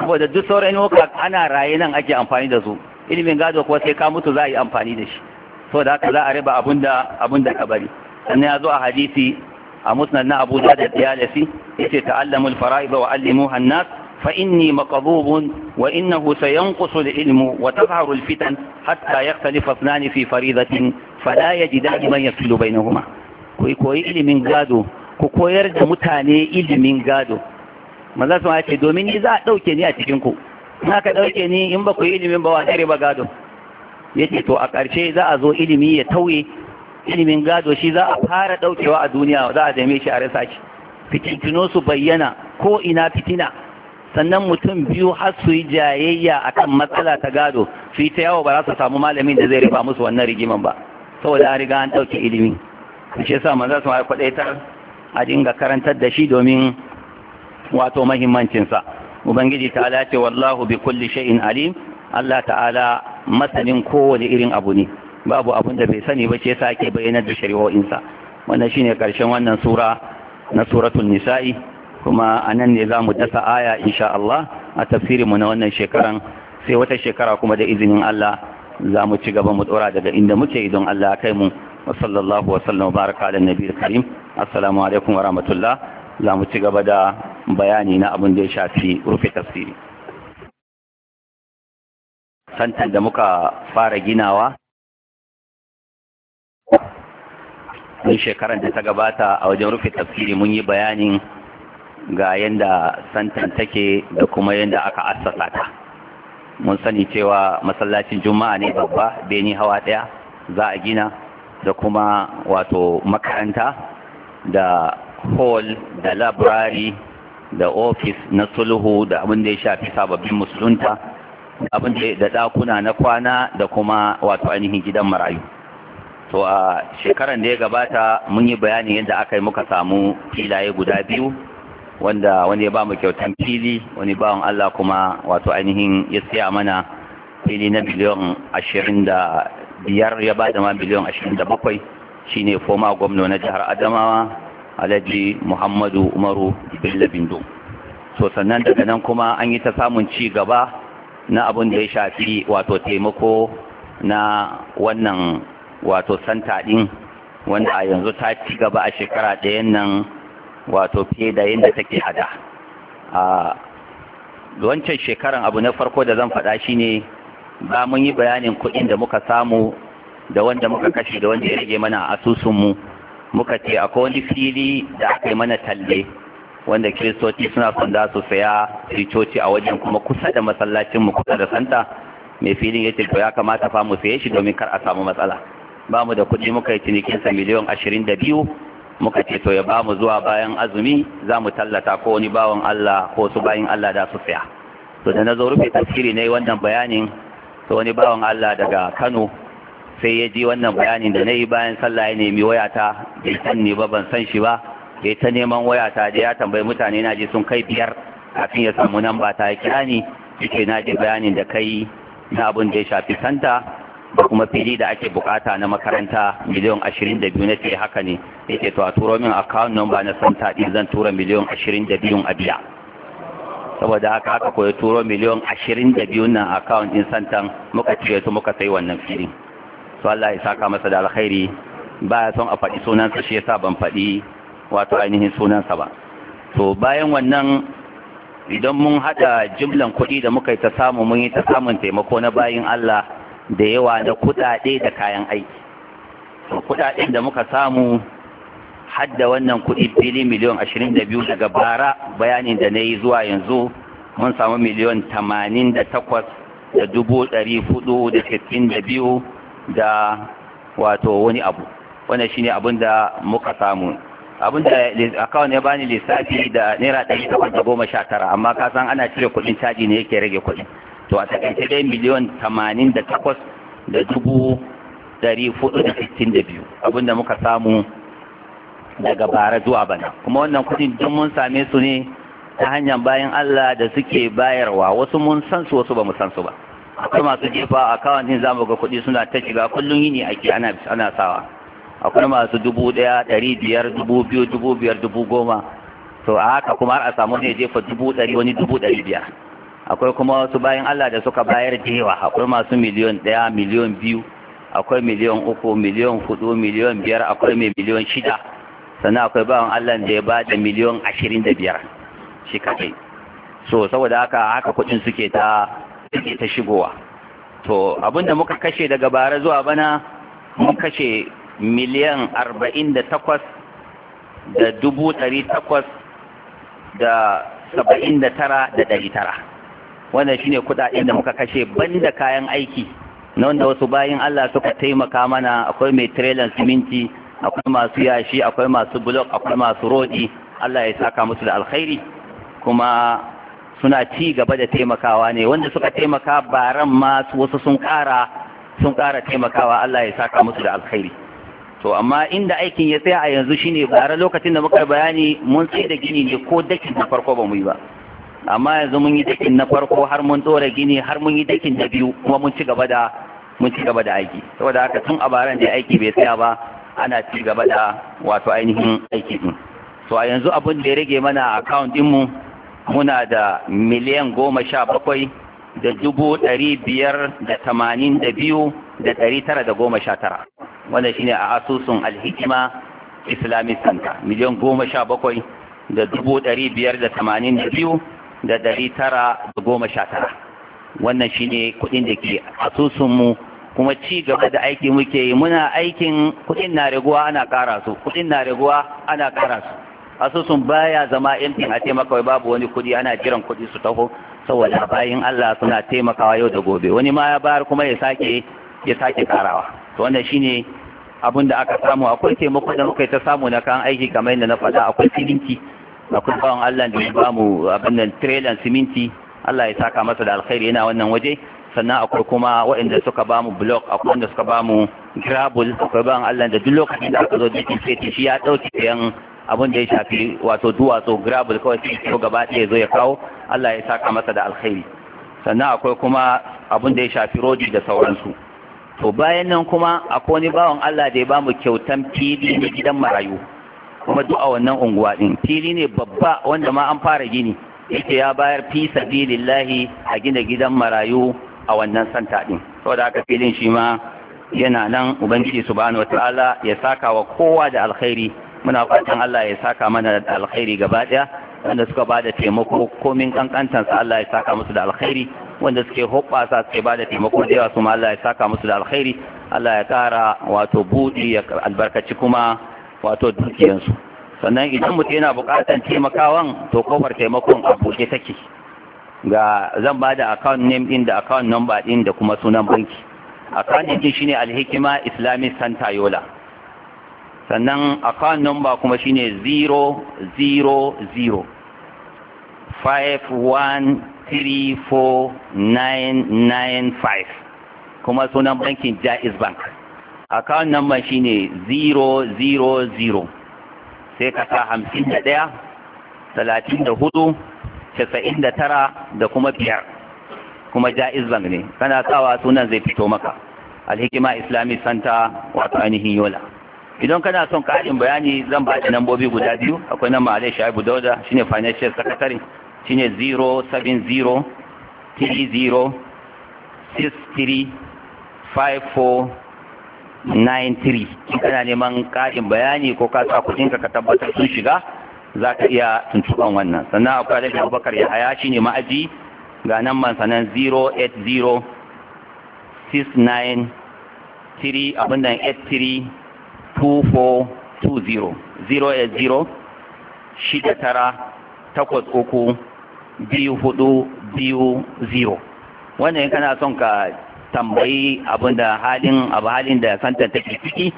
saboda duk sauran ana raye nan ake amfani da su ilimin gado kuwa sai ka mutu za a yi amfani da shi so da haka za a riba abin da ka bari sannan ya zo a hadisi a musnad na abu da tiyalasi ya ce ta'allamul fara'iba wa allimu hannas fa inni maqdubun wa innahu sayanqusu al-ilmu wa tazharu al-fitan hatta yakhtalifa ithnani fi faridatin fala yajidani man yafsilu bainahuma ku koyi ilimin gado ku koyar da mutane ilimin gado maza ya ce domin ni za a dauke ni a cikin ku na ka dauke ni in ba ku yi ilimin ba wa ba gado yace to a ƙarshe za a zo ilimi ya tauye ilimin gado shi za a fara ɗaukewa a duniya za a dame shi a rasa shi fitintino su bayyana ko ina fitina sannan mutum biyu har su yi jayayya akan matsala ta gado su yi ta yawo ba za su samu malamin da zai rufa musu wannan rigiman ba saboda an riga an ɗauke ilimi A shi yasa za su ma kwadaitar a dinga karantar da shi domin wato mahimmancinsa ubangiji ta ce wallahu bi kulli shay'in alim Allah ta'ala masanin kowane irin abu ne babu abin da bai sani ba ce yasa ake bayyanar da shari'o'insa wannan ne karshen wannan sura na suratul nisa'i kuma anan ne zamu dasa aya insha Allah a tafsirinmu mu na wannan shekaran sai wata shekara kuma da izinin Allah zamu ci gaba mu dora daga inda muke idan Allah ya kai mu wa sallallahu wa sallam baraka ala nabiyil karim assalamu alaikum wa rahmatullah zamu ci gaba da bayani na abin da ya shafi rufe tafsiri santan da muka fara ginawa tun shekarar da ta gabata a wajen rufe tafsiri mun yi bayanin ga yadda santan take da kuma yadda aka assasa ta mun sani cewa masallacin juma'a ne babba beni hawa ɗaya za a gina da kuma wato makaranta da hall da labrari da ofis na sulhu da abin da ya shafi sababbin musulunta abin da ɗakuna na kwana da kuma wato ainihin gidan marayu to a shekaran da ya gabata mun yi bayani yadda aka yi muka samu filaye guda biyu wanda wani ya ba mu kyautan fili wani bawan Allah kuma wato ainihin ya siya mana fili na biliyon ashirin da biyar ya ba da ma biliyon ashirin da bakwai shine foma gwamna na jihar Adamawa Alhaji Muhammadu Umaru Bello Bindo so sannan daga nan kuma an yi ta samun ci gaba na abin da ya shafi wato taimako na wannan wato santa ɗin wanda a yanzu ta ci gaba a shekara ɗayan nan wato fiye da yadda take hada a wancan shekaran abu na farko da zan faɗa shi ne ba mun yi bayanin kuɗin da muka samu da wanda muka kashe da wanda ya rage mana a asusunmu muka ce akwai wani fili da aka yi mana talle wanda kiristoci suna son da su saya coci a wajen kuma kusa da masallacinmu kusa da santa mai filin ya ce to ya kamata fa mu saye shi domin kar a samu matsala ba mu da kuɗi muka yi cinikinsa miliyan ashirin da biyu muka ce to ya ba mu zuwa bayan azumi za mu tallata ko wani bawan Allah ko su bayin Allah da su saya to da na zo rufe tafsiri na yi wannan bayanin to wani bawan Allah daga Kano sai ya ji wannan bayanin da na yi bayan sallah ya nemi wayata bai san ba ban san shi ba ya ta neman waya ta je ya tambayi mutane na ji sun kai biyar kafin ya samu nan ba ta kira ni yake na ji bayanin da kai na abin da ya shafi santa da kuma fili da ake bukata na makaranta miliyon ashirin da biyu na ce haka ne yake to a turo min account number na santa din zan tura miliyon ashirin da biyun a biya saboda haka aka koyi turo miliyon ashirin da biyun nan account din santan muka cire su muka sai wannan filin to Allah ya saka masa da alkhairi ba ya son a faɗi sunansa shi yasa ban faɗi wato ainihin sunansa ba to bayan wannan idan mun haɗa jimlan kuɗi da muka yi ta samu mun yi ta samun taimako na bayin Allah da yawa na kuɗaɗe da kayan aiki to kuɗaɗen da muka samu hadda wannan kuɗi fili miliyon ashirin da biyu daga bara bayanin da na yi zuwa yanzu mun samu miliyon tamanin da takwas da dubu ɗari hudu da sittin da biyu da wato wani abu wannan shine abin da muka samu abin da akawun ya bani lissafi da naira ɗari takwas da goma sha tara amma ka san ana cire kuɗin caji ne yake rage kuɗi to a takaice dai miliyon tamanin da takwas da dubu dari fudu da sittin da biyu abin da muka samu daga bara zuwa bana kuma wannan kuɗin duk mun same su ne ta hanyar bayan Allah da suke bayarwa wasu mun san su wasu ba mu san su ba akwai masu jefa akawun ɗin zamu ga kuɗi suna ta shiga kullum yini ake ana sawa akwai masu dubu ɗaya ɗari biyar dubu biyu dubu biyar dubu goma to a haka kuma har a samu ne jefa dubu ɗari wani dubu ɗari biyar akwai kuma wasu bayan Allah da suka bayar da yawa akwai masu miliyon ɗaya miliyon biyu akwai miliyon uku miliyon hudu miliyon biyar akwai mai miliyon shida sannan akwai bawan Allah da ya ba da miliyon ashirin da biyar shi kake so saboda haka haka kuɗin suke ta suke ta shigowa to abinda muka kashe daga bara zuwa bana mun kashe miliyan arba'in da takwas da dubu ɗari takwas da saba'in da tara da ɗari tara wannan shi ne kuɗaɗen da muka kashe ban da kayan aiki na wanda wasu bayan Allah suka taimaka mana akwai mai trailer siminti akwai masu yashi akwai masu blok akwai masu rodi Allah ya saka musu da alkhairi kuma suna ci gaba da taimakawa ne wanda suka taimaka baran ma wasu sun ƙara sun ƙara taimakawa Allah ya saka musu da alkhairi to amma inda aikin ya tsaya a yanzu shine bara lokacin da muka bayani mun tsaye da gini ne ko dakin na farko ba mu yi ba amma yanzu mun yi dakin na farko har mun dora gini har mun yi dakin na biyu kuma mun ci gaba da mun ci gaba da aiki saboda haka tun a baran da aiki bai tsaya ba ana ci gaba da wato ainihin aiki din to a yanzu abin da ya rage mana account din mu muna da miliyan goma sha bakwai da dubu ɗari biyar da tamanin da biyu da ɗari tara da goma sha tara wanda ne a asusun alhikima islamic center miliyan goma sha bakwai da dubu ɗari biyar da tamanin da biyu da ɗari tara da goma sha tara wannan shi ne kuɗin da ke asusunmu kuma ci gaba da aiki muke yi muna aikin kuɗin na raguwa ana ƙara su kuɗin na raguwa ana ƙara su asusun baya zama yankin a taimaka babu wani kuɗi ana jiran kuɗi su taho saboda bayan Allah suna taimakawa yau da gobe wani ma ya bayar kuma ya sake ya sake karawa to wannan shine abin da aka samu akwai taimakon da muka yi ta samu na kan aiki kamar yadda na faɗa akwai siminti akwai bawan Allah da ya bamu abin nan trailer siminti Allah ya saka masa da alkhairi yana wannan waje sannan akwai kuma waɗanda suka bamu block akwai wanda suka bamu gravel akwai bawan Allah da duk lokacin da aka zo jikin feti shi ya ɗauki yan abin da ya shafi wato duwatsu gravel kawai sai ko gaba ɗaya zo ya kawo Allah ya saka masa da alkhairi sannan akwai kuma abin da ya shafi rodi da sauransu to bayan nan kuma akwai wani bawan Allah da ya bamu kyautan fili na gidan marayu kuma duk a wannan unguwa din fili ne babba wanda ma an fara gini yake ya bayar fi sabilillahi a gina gidan marayu a wannan santa din saboda haka filin shi ma yana nan ubangiji subhanahu wataala ya saka wa kowa da alkhairi muna fatan Allah ya saka mana da alkhairi gaba daya wanda suka bada taimako komin kankantansa Allah ya saka musu da alkhairi wanda suke hoɓɓasa suke ba da taimako da yawa su ma Allah ya saka musu da alkhairi Allah ya ƙara wato buɗi ya albarkaci kuma wato dukiyansu sannan idan mutum yana buƙatar taimakawan to kofar taimakon a buɗe take ga zan ba da account name din da account number din da kuma sunan banki account name din shine alhikima islamic Santa yola sannan account number kuma shine 000 5 34995 kuma sunan bankin jaiz bank account shi ne 000 sai ka sa da ɗaya, talatin da kuma biyar kuma jaiz bank ne kana sawa sunan zai fito maka alhikima islamic santa wato ainihin yola idan kana son ƙarin bayani zan ba da nambobi guda biyu akwai nan ma'alai shaibu dauda shine financial secretary shine 070 30 63 54 93 kana neman ƙa'in bayani ko kasa sa kuɗinka ka tabbatar sun shiga za ka iya tuntuɓar wannan sannan akwai da abubakar ya haya shi ne ma'aji ga nan man sanan 08069 abin 080 shida tara takwas uku biyu hudu biyu zero wannan kana son ka tambayi abin da halin abu halin da santan take ciki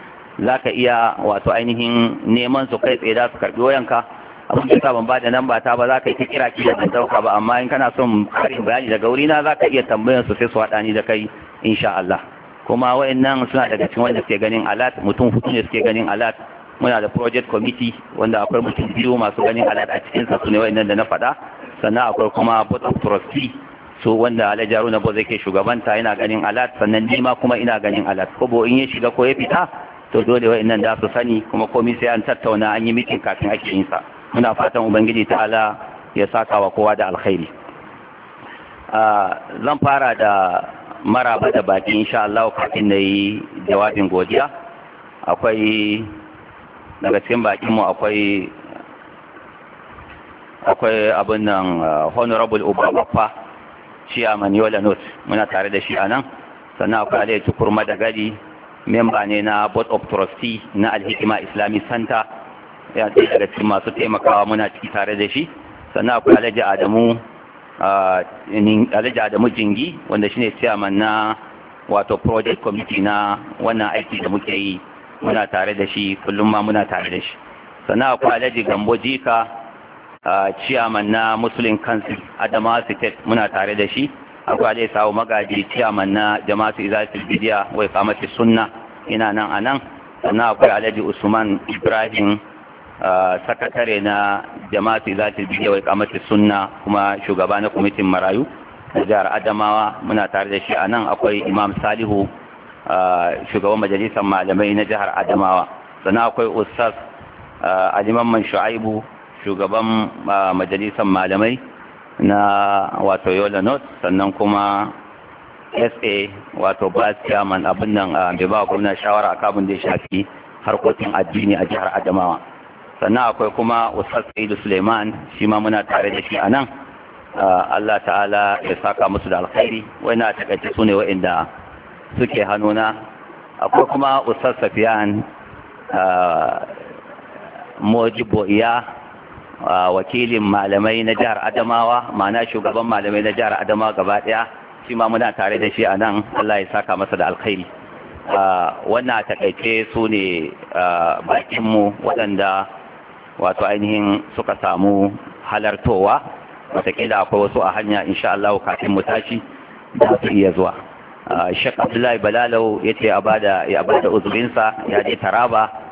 za ka iya wato ainihin neman su kai tsaye za su karbi wayanka abin da ban ba da nan ba ta ba za ka yi kira ki da ban dauka ba amma in kana son karin bayani daga wuri na za ka iya tambayan su sai su haɗa ni da kai insha Allah kuma wayannan suna daga cikin wanda suke ganin alat mutum hudu ne suke ganin alat muna da project committee wanda akwai mutum biyu masu ganin alat a cikin sa su ne wayannan da na faɗa sannan akwai kuma board of trustee so wanda alhaji na bozo yake shugabanta yana ganin alat sannan ni ma kuma ina ganin alat kobo in ya shiga ko ya fita to dole wa'annan da su sani kuma komai sai an tattauna an yi meeting kafin ake yin sa muna fatan ubangiji ta'ala ya saka wa kowa da alkhairi zan fara da maraba da baki insha Allah kafin na yi jawabin godiya akwai daga cikin bakinmu akwai akwai abin nan uh, honorable ubabakwa shiya maniola not muna tare da shi a nan sannan akwai alayi tukur madagali memba ne na board of trustee na alhikima islamic center ya ce daga cikin masu taimakawa muna ciki tare da shi sannan akwai alhaji adamu uh, alhaji adamu jingi wanda shine chairman na wato project committee na wannan aiki da muke yi muna tare da shi kullum ma muna tare da shi sannan akwai alhaji gambo jika ciyaman na muslim council damasu state muna tare da shi akwai zai sawo magaji ciyaman na damasu izasi bidiya wai kamati sunna ina nan a nan sannan akwai alhaji usman ibrahim sakatare na damasu izasi bidiya wai kamati sunna kuma shugaba na kwamitin marayu na jihar adamawa muna tare da shi a nan akwai imam salihu shugaban majalisar malamai na jihar adamawa sannan akwai ustaz aliman man shu'aibu shugaban majalisar malamai na wato yola north sannan kuma sa wato bas chairman abin nan bai ba gwamna shawara a kabin da ya shafi harkokin addini a jihar adamawa sannan akwai kuma ustaz sa'idu suleiman shi ma muna tare da shi a nan allah ta'ala ya saka musu da alkhairi wai na takaice su ne wa'inda suke hannuna akwai kuma ustaz safiyan mojibo iya wakilin malamai na jihar Adamawa ma'ana shugaban malamai na jihar Adamawa gaba ɗaya shi ma muna tare da shi a nan Allah ya saka masa da alkhairi wannan takaice su ne bakinmu waɗanda wato ainihin suka samu halartowa watakila akwai wasu a hanya insha Allah kafin mu tashi da su iya zuwa shek Abdullahi Balalau ya ce a bada uzurinsa ya je Taraba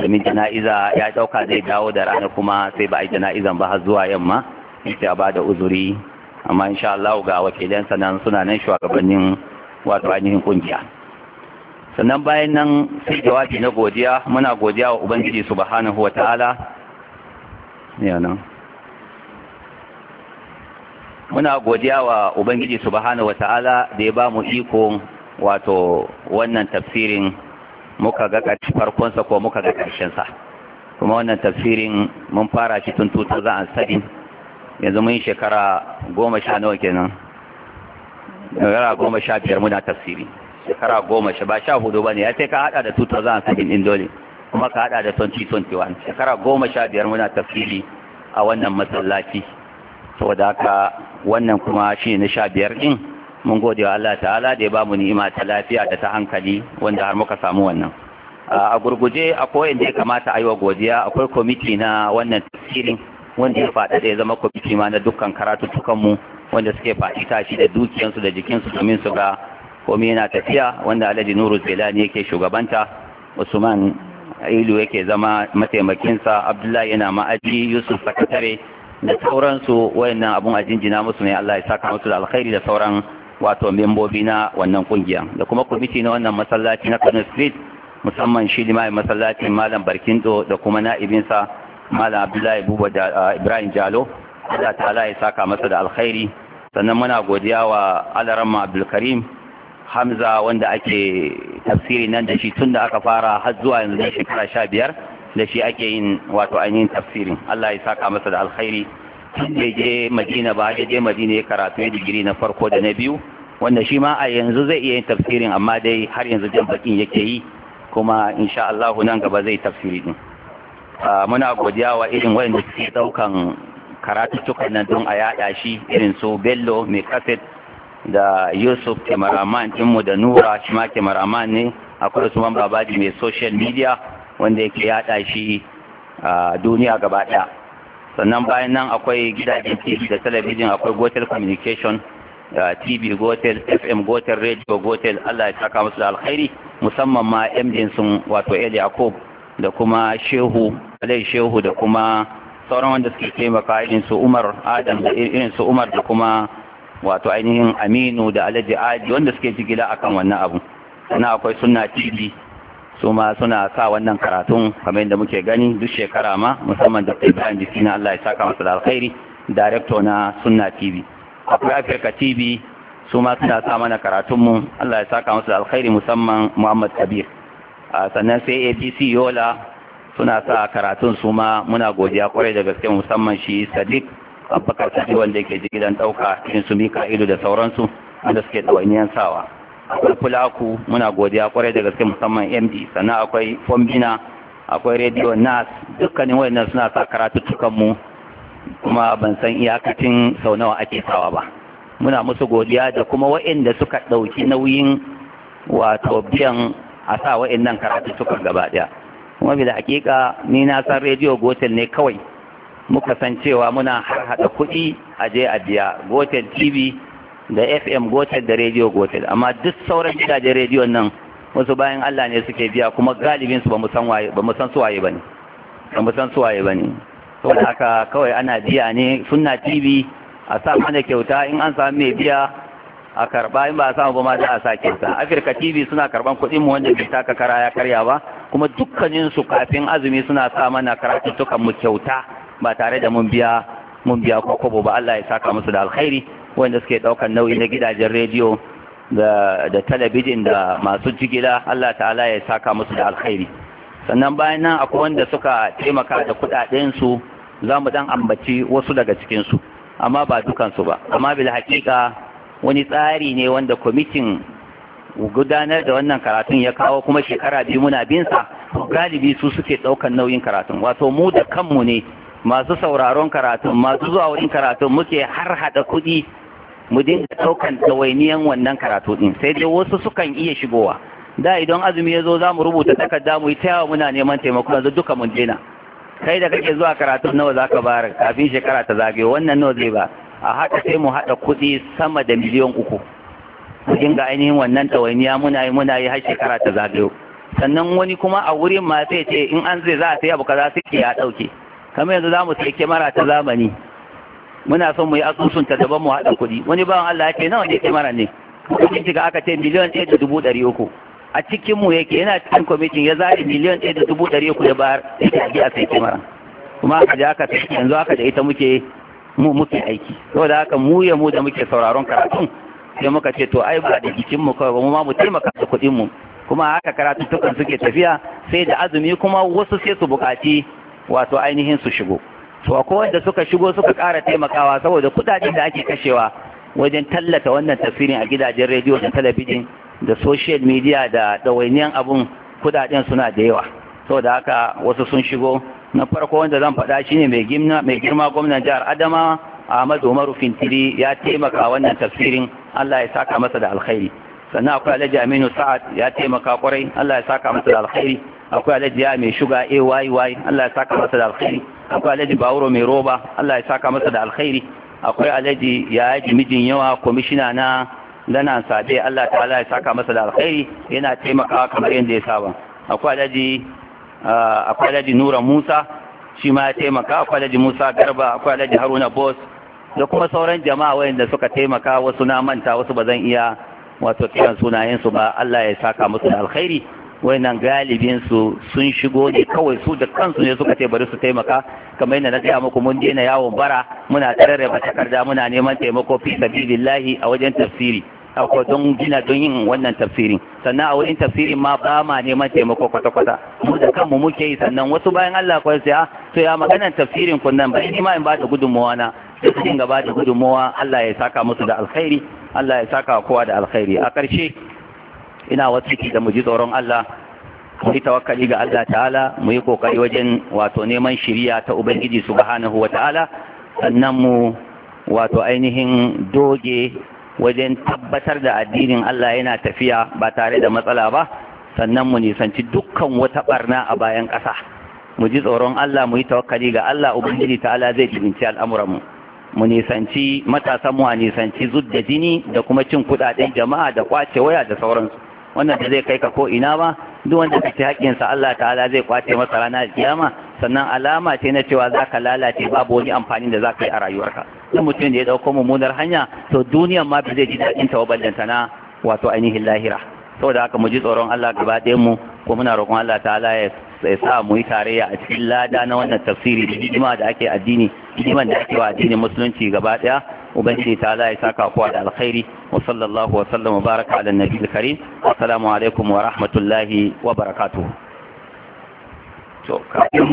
domin jana'iza ya ɗauka zai dawo da rana kuma sai ba a yi jana'izan ba har zuwa yamma sai a ba da uzuri amma insha Allah ga wakilan sanan suna nan shugabannin wato ainihin kungiya sannan bayan nan sai jawabi na godiya muna godiya wa ubangiji subhanahu wataala ya nan muna godiya wa ubangiji subhanahu wataala da ya ba mu iko wato wannan tafsirin muka ga farkonsa ko muka ga ƙarshensa kuma wannan tafsirin mun fara shi tun 2007 yanzu mun yi shekara goma sha nawa kenan shekara goma sha biyar muna tafsiri shekara goma sha ba sha hudu ba ne ya sai ka hada da 2007 din dole kuma ka hada da 2021 shekara goma sha biyar muna tafsiri a wannan masallaci saboda haka wannan kuma shi ne na sha biyar din mun gode wa Allah ta'ala da ya ba mu ni'ima ta lafiya da ta hankali wanda har muka samu wannan a gurguje akwai inda ya kamata a yi wa godiya akwai kwamiti na wannan tafsirin wanda ya faɗa da ya zama kwamiti ma na dukkan mu wanda suke faɗi tashi da dukiyansu da jikinsu domin su ga komai yana tafiya wanda alhaji nuru zelani yake shugabanta usman ilu yake zama mataimakinsa abdullahi yana ma'aji yusuf sakatare da sauransu wayannan abun a jinjina musu ne allah ya saka musu da alkhairi da sauran wato membobi na wannan kungiya da kuma kwamiti na wannan masallaci na Kano Street musamman shi mai masallacin Malam Barkindo da kuma na'ibinsa Malam Abdullahi Buba da Ibrahim Jalo da ta'ala ya saka masa da alkhairi sannan muna godiya wa alarama abdulkarim Hamza wanda ake tafsiri nan da shi tun da aka fara har zuwa yanzu shekara sha biyar da shi ake yin wato ainihin tafsirin Allah ya saka masa da alkhairi tun da je madina ba ya je madina ya karatu ya digiri na farko da na biyu wanda shi ma a yanzu zai iya yin tafsirin amma dai har yanzu jan bakin yake yi kuma insha Allah nan gaba zai tafsiri din muna godiya wa irin wanda suke daukan karatuttukan nan don a yada shi irin su bello mai kaset da yusuf kemaraman dinmu da nura shi ma kemaraman ne akwai su man babaji mai social media wanda yake yada shi a duniya gaba ɗaya. sannan bayan nan akwai gidajen tv da talabijin akwai gotel communication tv gotel fm gotel radio gotel allah ya saka musu alkhairi musamman ma mdin sun wato eli akob da kuma shehu alai shehu da kuma sauran wanda suke taimaka irin su umar adam da irin su umar da kuma wato ainihin aminu da alhaji aji wanda suke jigila akan wannan abu sannan akwai sunna tv su ma suna sa wannan karatun kamar yadda muke gani duk shekara ma musamman da Ibrahim na Allah ya saka masa da alkhairi director na Sunna TV akwai afirka TV su ma suna sa mana karatunmu Allah ya saka masa da alkhairi musamman Muhammad Kabir sannan sai APC Yola suna sa karatun su ma muna godiya kwarai da gaske musamman shi Sadiq Abubakar Sadiq wanda yake jigilan ɗauka cikin su ido da sauransu wanda suke ɗawainiyan sawa akwai fulaku muna godiya kwarai da gaske musamman md sannan akwai fombina akwai radio nas dukkanin wayannan suna sa karatuttukan mu kuma ban san iyakacin sau nawa ake sawa ba muna musu godiya da kuma wayanda suka ɗauki nauyin wato biyan a sa wayannan karatuttukan gaba ɗaya kuma bi da hakika ni na san radio gotel ne kawai muka san cewa muna har hada kuɗi a je a biya gotel tv da fm gotel da radio gotel amma duk sauran gidajen rediyon nan wasu bayan allah ne suke biya kuma galibin su ba mu san suwaye ba ne ba mu san suwaye ba ne saboda haka kawai ana biya ne sunna tv a sa mana kyauta in an samu mai biya a karba in ba a samu ba ma za a sa kyauta afirka tv suna karban kuɗin mu wanda bai taka kara ya karya ba kuma dukkanin su kafin azumi suna sa mana karatuttukan mu kyauta ba tare da mun biya mun biya ko kobo ba Allah ya saka musu da alkhairi wanda suke ɗaukar nauyi na gidajen rediyo da talabijin da masu jigila Allah ta'ala ya saka musu da alkhairi sannan bayan nan akwai wanda suka taimaka da kuɗaɗensu za mu dan ambaci wasu daga cikin su amma ba dukansu ba amma bil haƙiƙa wani tsari ne wanda kwamitin gudanar da wannan karatun ya kawo kuma shekara biyu muna bin sa, galibi su suke daukan nauyin karatun wato mu da kanmu ne masu sauraron karatun masu zuwa wurin karatun muke har hada kuɗi mu dinga ɗaukan ɗawainiyan wannan karatu ɗin sai dai wasu sukan iya shigowa da idan azumi ya zo za mu rubuta takarda mu yi tayawa muna neman taimako yanzu duka mun daina kai da kake zuwa karatu nawa za ka bayar kafin shekara ta zagayo wannan nawa zai ba a haka sai mu haɗa kuɗi sama da miliyan uku mu dinga ainihin wannan ɗawainiya muna yi muna yi har shekara ta zabe sannan wani kuma a wurin ma sai ce in an zai za a sai abu kaza ya ɗauke kamar yanzu za mu sai kyamara ta zamani muna son mu yi asusun ta daban mu haɗa kuɗi wani bawan Allah ya ce nawa ne kamara ne kuɗin shiga aka ce miliyan ɗaya da dubu ɗari uku a cikin mu yake yana cikin kwamitin ya zari miliyan ɗaya da dubu ɗari uku da bayar yake aje a sai kamara kuma aka je aka tafi yanzu aka da ita muke mu muke aiki saboda haka mu ya mu da muke sauraron karatun sai muka ce to ai ba da jikin mu kawai ba mu ma mu taimaka da kuɗin mu kuma haka tukan suke tafiya sai da azumi kuma wasu sai su buƙaci wato ainihin su shigo to akwai wanda suka shigo suka ƙara taimakawa saboda kudaden da ake kashewa wajen tallata wannan tafsirin a gidajen rediyo da talabijin da social media da ɗawainiyan abun kudaden suna da yawa saboda haka wasu sun shigo na farko wanda zan faɗa shine mai girma gwamnan jihar adama Ahmad Umaru Fintiri ya taimaka wannan tafsirin Allah ya saka masa da alkhairi sannan akwai alhaji aminu sa'ad ya taimaka kwarai allah ya saka masa da alkhairi akwai alhaji ya mai shuga ayy allah ya saka masa da alkhairi akwai alhaji bawuro mai roba allah ya saka masa da alkhairi akwai alhaji ya yaji mijin yawa kwamishina na lana sabe allah ta'ala ya saka masa da alkhairi yana taimakawa kamar yadda ya saba akwai alhaji ah, akwai alhaji nura musa shi ma ya taimaka akwai alhaji musa garba akwai alhaji haruna boss da kuma sauran jama'a wayanda suka taimaka wasu na manta wasu ba zan iya wato kiran sunayensu ba Allah ya saka musu da alkhairi wayannan galibin su sun shigo ne kawai su da kansu ne suka ce bari su taimaka kamar yadda na gaya muku mun daina yawon bara muna tarare ba takarda muna neman taimako fi sabilillahi a wajen tafsiri akwai don gina don yin wannan tafsirin sannan a wurin tafsirin ma ba ma neman taimako kwata-kwata mu da kanmu muke yi sannan wasu bayan Allah kawai sai a ah, to ya maganar tafsirin kun nan ba ni ma in ba ta gudunmuwa na da su gaba da gudunmowa Allah ya saka musu da alkhairi Allah ya saka kowa da alkhairi a ƙarshe ina wasiki da mu ji tsoron Allah mu yi tawakkali ga Allah ta'ala mu yi kokari wajen wato neman shiriya ta ubangiji subhanahu wa ta'ala sannan mu wato ainihin doge wajen tabbatar da addinin Allah yana tafiya ba tare da matsala ba sannan mu nisanci dukkan wata barna a bayan ƙasa mu ji tsoron Allah mu yi tawakkali ga Allah ubangiji ta'ala zai jibinci al'amuranmu mu nisanci matasan mu a nisanci zub da jini da kuma cin kudaden jama'a da kwace waya da sauransu wannan da zai kai ka ko ina ba duk wanda ka ci haƙƙin sa Allah ta'ala zai kwace masa rana da kiyama sannan alama ce na cewa zaka lalace babu wani amfani da zaka yi a rayuwarka dan mutum da ya dauko mummunar hanya to duniyan ma ba zai ji daɗin ta ba na wato ainihin lahira saboda haka mu ji tsoron Allah gaba ɗayan mu ko muna roƙon Allah ta'ala ya sa mu yi tarayya a cikin lada na wannan tafsiri da hidima da ake addini hidiman da ake wa addinin musulunci gaba daya ubangiji ta'ala ya saka kowa da alkhairi wa sallallahu wa sallam wa baraka ala nabiyil karim assalamu alaikum wa rahmatullahi wa barakatuh to